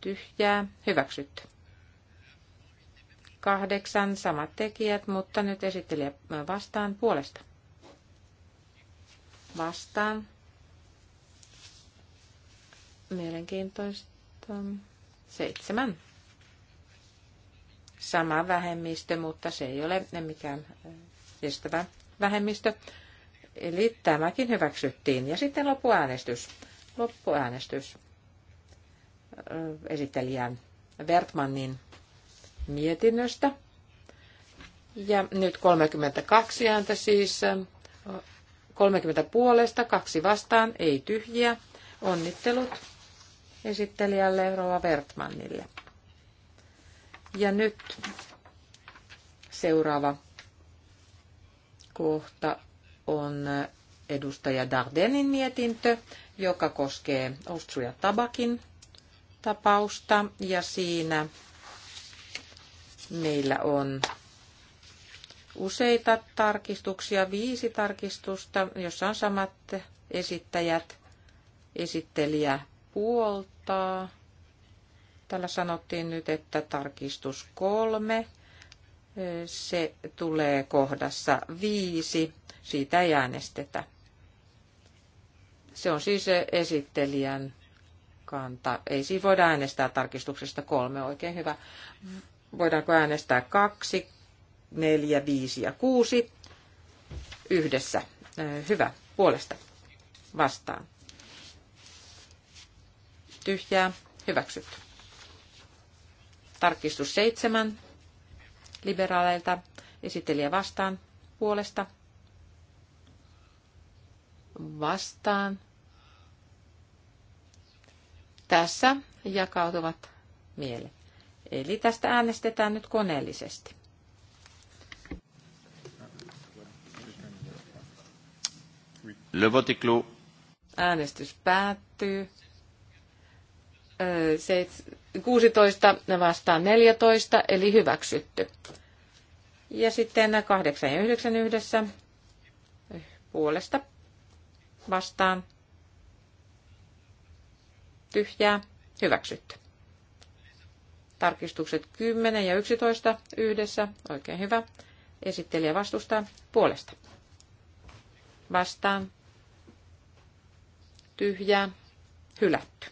Tyhjää, hyväksytty. Kahdeksan samat tekijät, mutta nyt esittelijä äh, vastaan puolesta. Vastaan. Mielenkiintoista. Seitsemän sama vähemmistö, mutta se ei ole mikään kestävä eh, vähemmistö. Eli tämäkin hyväksyttiin. Ja sitten loppuäänestys. Loppuäänestys eh, esittelijän Bertmannin mietinnöstä. Ja nyt 32 ääntä siis, 30 eh, puolesta, kaksi vastaan, ei tyhjiä. Onnittelut esittelijälle Rova Bertmannille. Ja nyt seuraava kohta on edustaja Dardenin mietintö, joka koskee Austria Tabakin tapausta. Ja siinä meillä on useita tarkistuksia, viisi tarkistusta, jossa on samat esittäjät. Esittelijä puoltaa Täällä sanottiin nyt, että tarkistus kolme, se tulee kohdassa viisi, siitä ei äänestetä. Se on siis esittelijän kanta. Ei siis voida äänestää tarkistuksesta kolme, oikein hyvä. Voidaanko äänestää kaksi, neljä, viisi ja kuusi yhdessä? Hyvä, puolesta vastaan. Tyhjää, hyväksytty. Tarkistus seitsemän liberaaleilta esittelijä vastaan puolesta. Vastaan. Tässä jakautuvat miele. Eli tästä äänestetään nyt koneellisesti. Le vote Äänestys päättyy. Öö, 16 vastaan 14, eli hyväksytty. Ja sitten 8 ja 9 yhdessä puolesta vastaan tyhjää hyväksytty. Tarkistukset 10 ja 11 yhdessä, oikein hyvä. Esittelijä vastustaa puolesta. Vastaan tyhjää hylätty.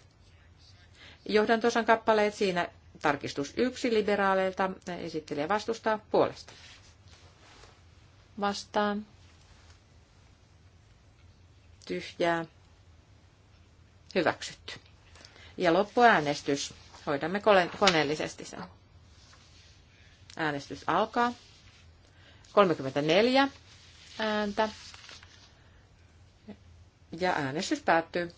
Johdantosan kappaleet siinä tarkistus yksi liberaaleilta esittelee vastustaa puolesta. Vastaan. Tyhjää. Hyväksytty. Ja loppuäänestys. Hoidamme koneellisesti sen. Äänestys alkaa. 34 ääntä. Ja äänestys päättyy.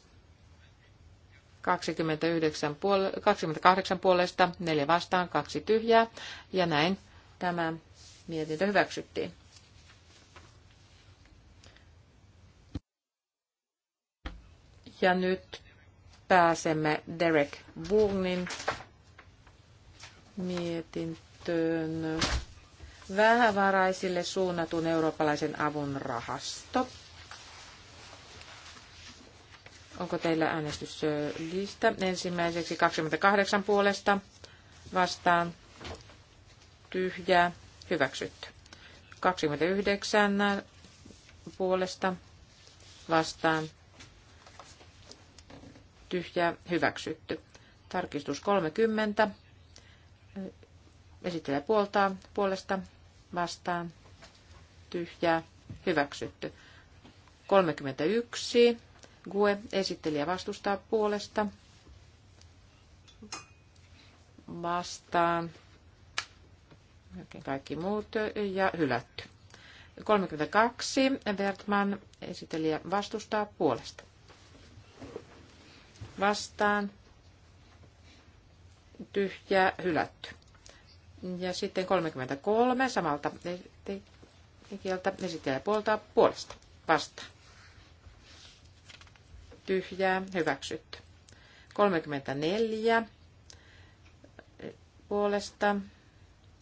29 puol- 28 puolesta, 4 vastaan, 2 tyhjää. Ja näin tämä mietintö hyväksyttiin. Ja nyt pääsemme Derek Wurnin mietintöön vähävaraisille suunnatun eurooppalaisen avun rahasto. Onko teillä äänestyslista? Ensimmäiseksi 28 puolesta vastaan tyhjää hyväksytty. 29 puolesta vastaan tyhjää hyväksytty. Tarkistus 30. Esittelee puoltaan puolesta vastaan tyhjää hyväksytty. 31 GUE esittelijä vastustaa puolesta. Vastaan. Kaikki muut ja hylätty. 32. Wertman esittelijä vastustaa puolesta. Vastaan. Tyhjä hylätty. Ja sitten 33 samalta e- kieltä esittelijä puolta puolesta vastaan tyhjää, hyväksytty. 34 puolesta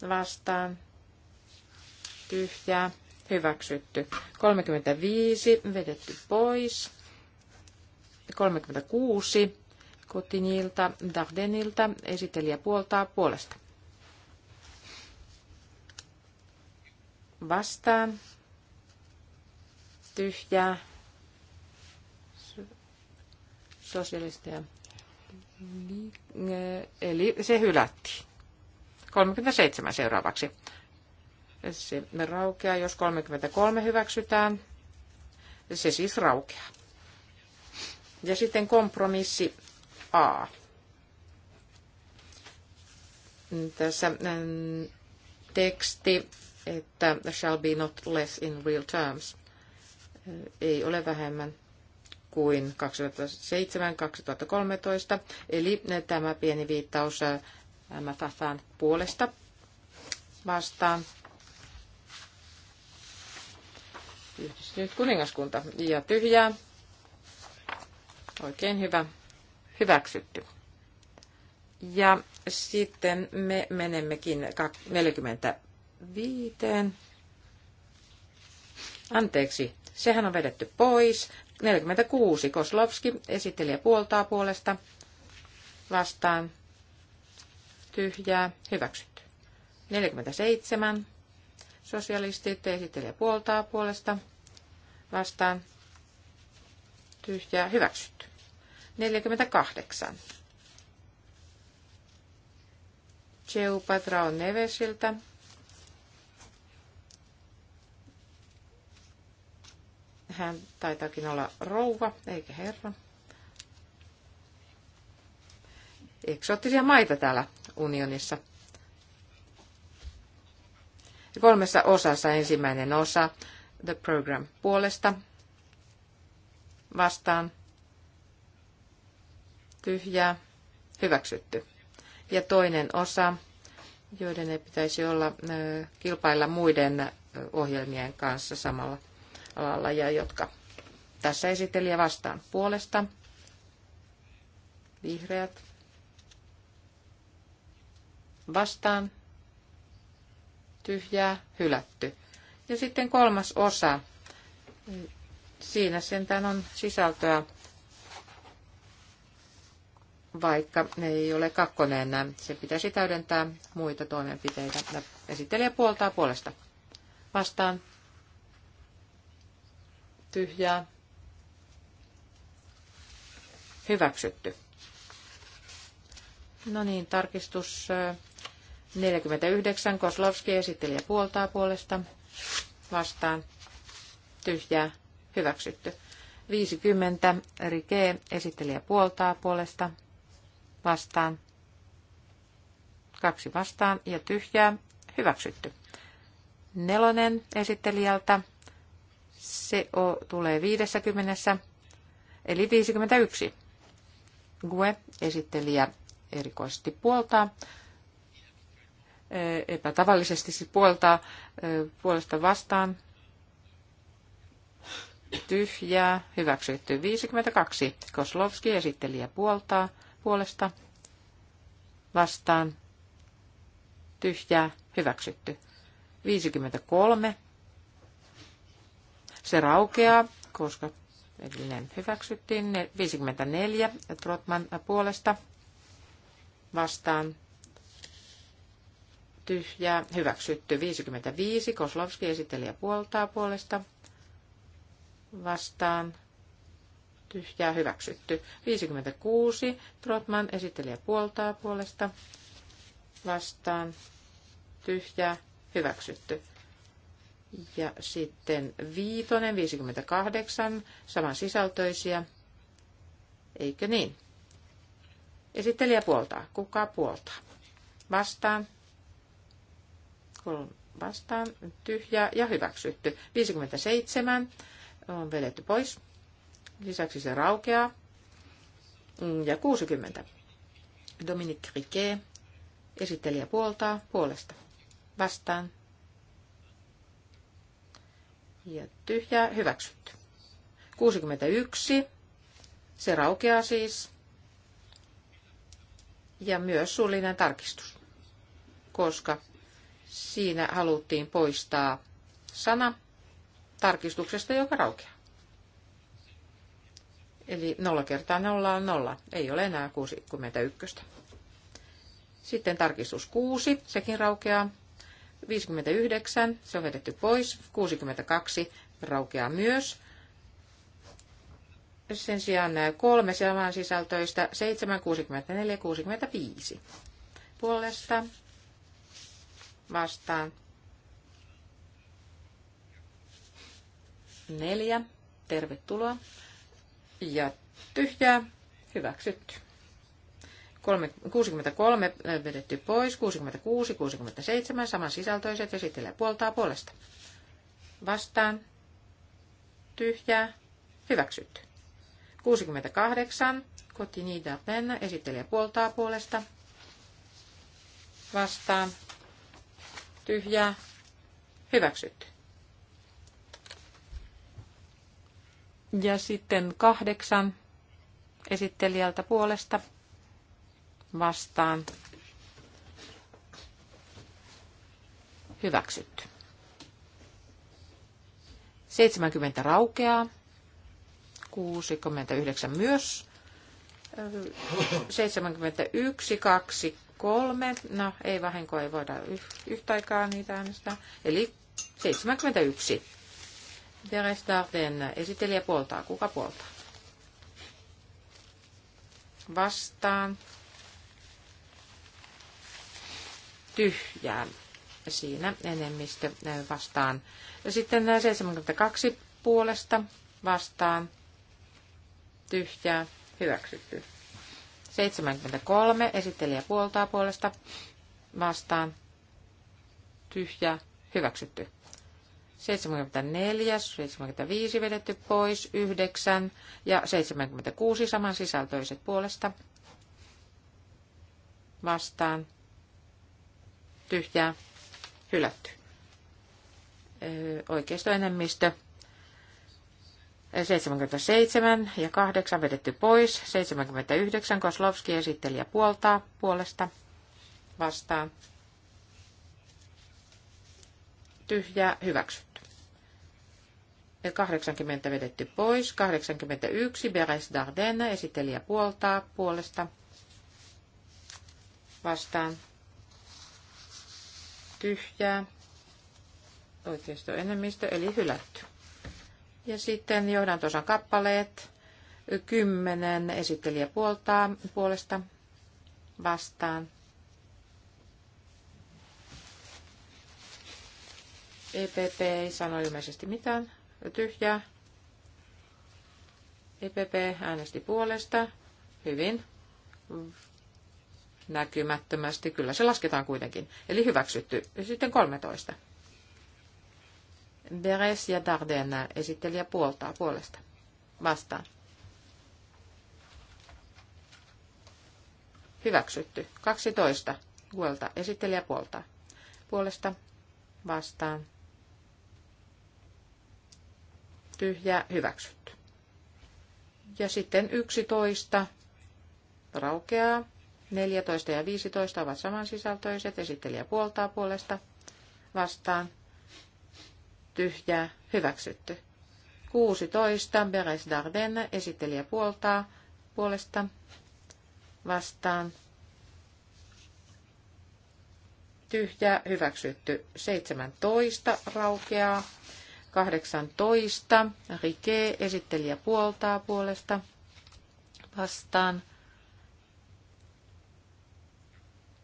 vastaan tyhjää, hyväksytty. 35 vedetty pois. 36 Kotinilta, Dardenilta, esitelijä puoltaa puolesta. Vastaan. Tyhjää, sosialisteja. Eli se hylättiin. 37 seuraavaksi. Se raukeaa, jos 33 hyväksytään. Se siis raukeaa. Ja sitten kompromissi A. Tässä mm, teksti, että shall be not less in real terms. Ei ole vähemmän kuin 2007-2013, eli tämä pieni viittaus MFFn puolesta vastaan. Yhdistynyt kuningaskunta ja tyhjää. Oikein hyvä. Hyväksytty. Ja sitten me menemmekin 45. Anteeksi, sehän on vedetty pois. 46. Koslovski esittelijä puoltaa puolesta vastaan tyhjää hyväksytty. 47. Sosialistit esittelijä puoltaa puolesta vastaan tyhjää hyväksytty. 48. Cheu Patrao Nevesiltä Hän taitaakin olla rouva, eikä herra. Eksoottisia maita täällä unionissa. Kolmessa osassa ensimmäinen osa, The Program puolesta, vastaan, tyhjää, hyväksytty. Ja toinen osa, joiden ei pitäisi olla kilpailla muiden ohjelmien kanssa samalla alalla ja jotka tässä esittelijä vastaan puolesta. Vihreät vastaan tyhjää hylätty. Ja sitten kolmas osa. Siinä sentään on sisältöä, vaikka ne ei ole kakkonen enää. Se pitäisi täydentää muita toimenpiteitä. Esittelijä puoltaa puolesta. Vastaan tyhjää, hyväksytty. No niin, tarkistus 49. Koslovski esittelijä puoltaa puolesta. Vastaan. Tyhjää. Hyväksytty. 50. Rike esittelijä puoltaa puolesta. Vastaan. Kaksi vastaan ja tyhjää. Hyväksytty. Nelonen esittelijältä se o, tulee 50, eli 51. Gue esittelijä erikoisesti puoltaa, epätavallisesti siis puoltaa puolesta vastaan. Tyhjää, hyväksytty 52. Koslovski esittelijä puoltaa puolesta vastaan. Tyhjää, hyväksytty 53 se raukeaa, koska edellinen hyväksyttiin. 54 Trotman puolesta vastaan tyhjää. Hyväksytty 55. Koslovski ja puoltaa puolesta vastaan tyhjää. Hyväksytty 56. Trotman ja puoltaa puolesta vastaan tyhjää. Hyväksytty ja sitten viitonen, 58, saman sisältöisiä. Eikö niin? Esittelijä puoltaa. Kuka puoltaa? Vastaan. Kolme vastaan. Tyhjä ja hyväksytty. 57 on vedetty pois. Lisäksi se raukeaa. Ja 60. Dominique Riquet. Esittelijä puoltaa puolesta. Vastaan ja tyhjää hyväksytty. 61. Se raukeaa siis. Ja myös suullinen tarkistus, koska siinä haluttiin poistaa sana tarkistuksesta, joka raukeaa. Eli 0 kertaa 0 on 0. Ei ole enää 61. Sitten tarkistus 6, sekin raukeaa. 59, se on vedetty pois. 62 raukeaa myös. Sen sijaan kolme saman sisältöistä, 7, 64, 65. Puolesta vastaan. Neljä. Tervetuloa. Ja tyhjää. Hyväksytty. 63 vedetty pois, 66, 67 samansisältöiset esittelee puoltaa puolesta. Vastaan. Tyhjää. Hyväksytty. 68. niitä mennä esittelee puoltaa puolesta. Vastaan. Tyhjää. Hyväksytty. Ja sitten kahdeksan esittelijältä puolesta vastaan hyväksytty. 70 raukeaa, 69 myös, 71, 2, 3, no ei vahinko, ei voida yhtä aikaa niitä äänestää, eli 71. Teres Darden esittelijä puoltaa, kuka puoltaa? Vastaan, tyhjää. Siinä enemmistö vastaan. Ja sitten 72 puolesta vastaan tyhjää hyväksytty. 73 esittelijä puoltaa puolesta vastaan tyhjää hyväksytty. 74, 75 vedetty pois, 9 ja 76 saman sisältöiset puolesta vastaan tyhjää hylätty. Oikeistoenemmistö 77 ja 8 vedetty pois. 79 Koslovski ja puoltaa puolesta vastaan. Tyhjää hyväksytty. 80 vedetty pois. 81 Beres Dardenne ja puoltaa puolesta vastaan tyhjää, oikeisto enemmistö, eli hylätty. Ja sitten johdantosan kappaleet, kymmenen esittelijä puoltaa, puolesta vastaan. EPP ei sano ilmeisesti mitään, tyhjää. EPP äänesti puolesta, hyvin näkymättömästi. Kyllä se lasketaan kuitenkin. Eli hyväksytty. Sitten 13. Beres ja Dardenne esittelijä puoltaa puolesta. Vastaan. Hyväksytty. 12. Huolta. esittelijä puolta. Puolesta vastaan. Tyhjä hyväksytty. Ja sitten 11 raukeaa. 14 ja 15 ovat samansisältöiset. Esittelijä puoltaa puolesta vastaan. Tyhjää. Hyväksytty. 16. Beres Darden, Esittelijä puoltaa puolesta vastaan. Tyhjää. Hyväksytty. 17. Raukeaa. 18. Rike. Esittelijä puoltaa puolesta vastaan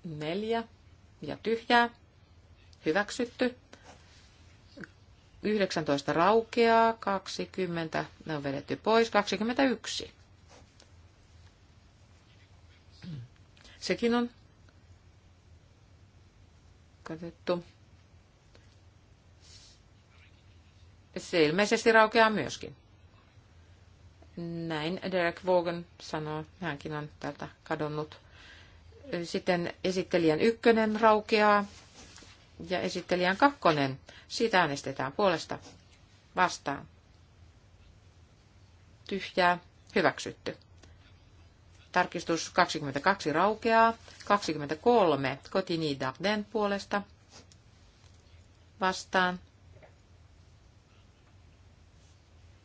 neljä ja tyhjää. Hyväksytty. 19 raukeaa, 20 ne on vedetty pois, 21. Sekin on katettu. Se ilmeisesti raukeaa myöskin. Näin Derek Vaughan sanoo, hänkin on täältä kadonnut. Sitten esittelijän ykkönen raukeaa ja esittelijän kakkonen. Siitä äänestetään puolesta vastaan. Tyhjää. Hyväksytty. Tarkistus 22 raukeaa. 23 Cotini Darden puolesta vastaan.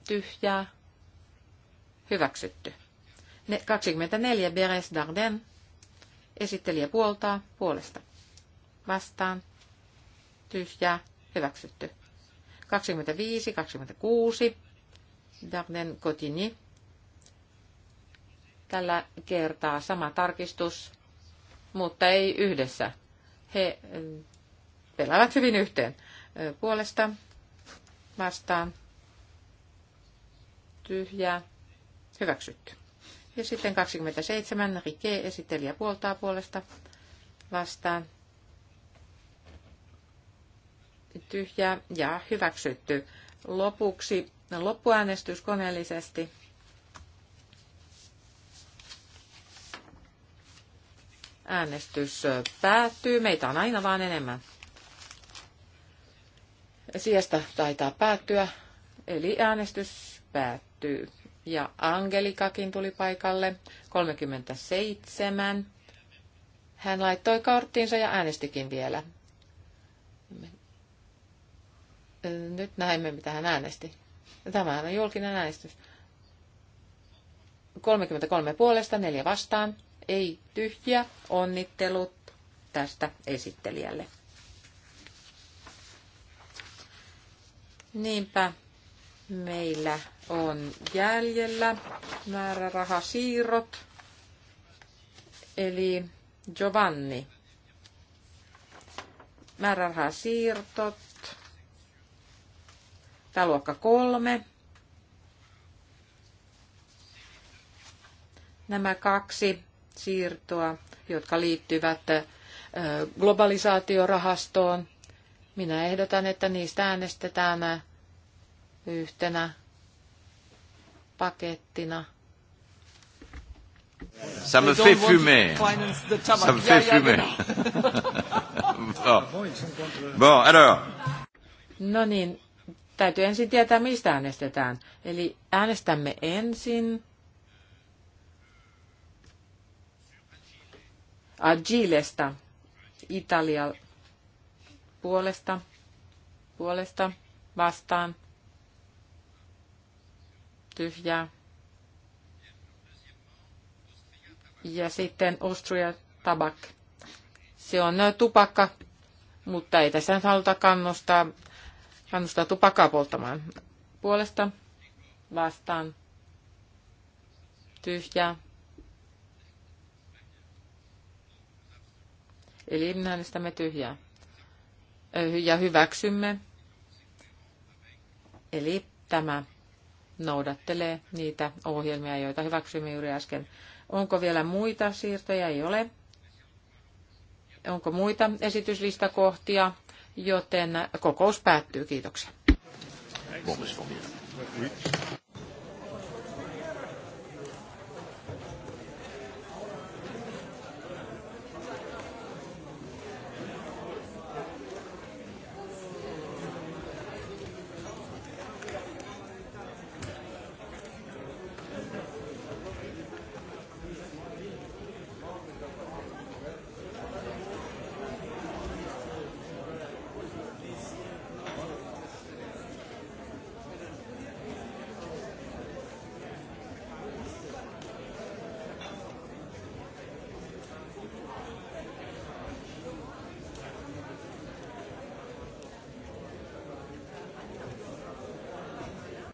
Tyhjää. Hyväksytty. 24 Beres Darden Esittelijä puoltaa puolesta. Vastaan. Tyhjää. Hyväksytty. 25, 26. Darnen Cotigny. Tällä kertaa sama tarkistus, mutta ei yhdessä. He ähm, pelaavat hyvin yhteen. Puolesta vastaan tyhjää hyväksytty. Ja sitten 27, Rike esittelijä puoltaa puolesta vastaan. Tyhjä ja hyväksytty. Lopuksi loppuäänestys koneellisesti. Äänestys päättyy. Meitä on aina vaan enemmän. Siestä taitaa päättyä, eli äänestys päättyy ja Angelikakin tuli paikalle, 37. Hän laittoi korttiinsa ja äänestikin vielä. Nyt näemme, mitä hän äänesti. Tämä on julkinen äänestys. 33 puolesta, 4 vastaan. Ei tyhjä. Onnittelut tästä esittelijälle. Niinpä Meillä on jäljellä määrärahasiirrot, eli Giovanni. Määrärahasiirtot, luokka kolme. Nämä kaksi siirtoa, jotka liittyvät globalisaatiorahastoon. Minä ehdotan, että niistä äänestetään yhtenä pakettina. Ça me fait fumer. Ça me fait fumer. <laughs> bon. bon, alors. No niin, täytyy ensin tietää, mistä äänestetään. Eli äänestämme ensin Agilesta, Italian puolesta, puolesta vastaan tyhjää. Ja sitten Austria Tabak. Se on tupakka, mutta ei tässä haluta kannustaa, kannustaa tupakkaa polttamaan. Puolesta vastaan tyhjää. Eli äänestämme tyhjää. Ja hyväksymme. Eli tämä noudattelee niitä ohjelmia, joita hyväksymme juuri äsken. Onko vielä muita siirtoja? Ei ole. Onko muita esityslistakohtia? Joten kokous päättyy. Kiitoksia.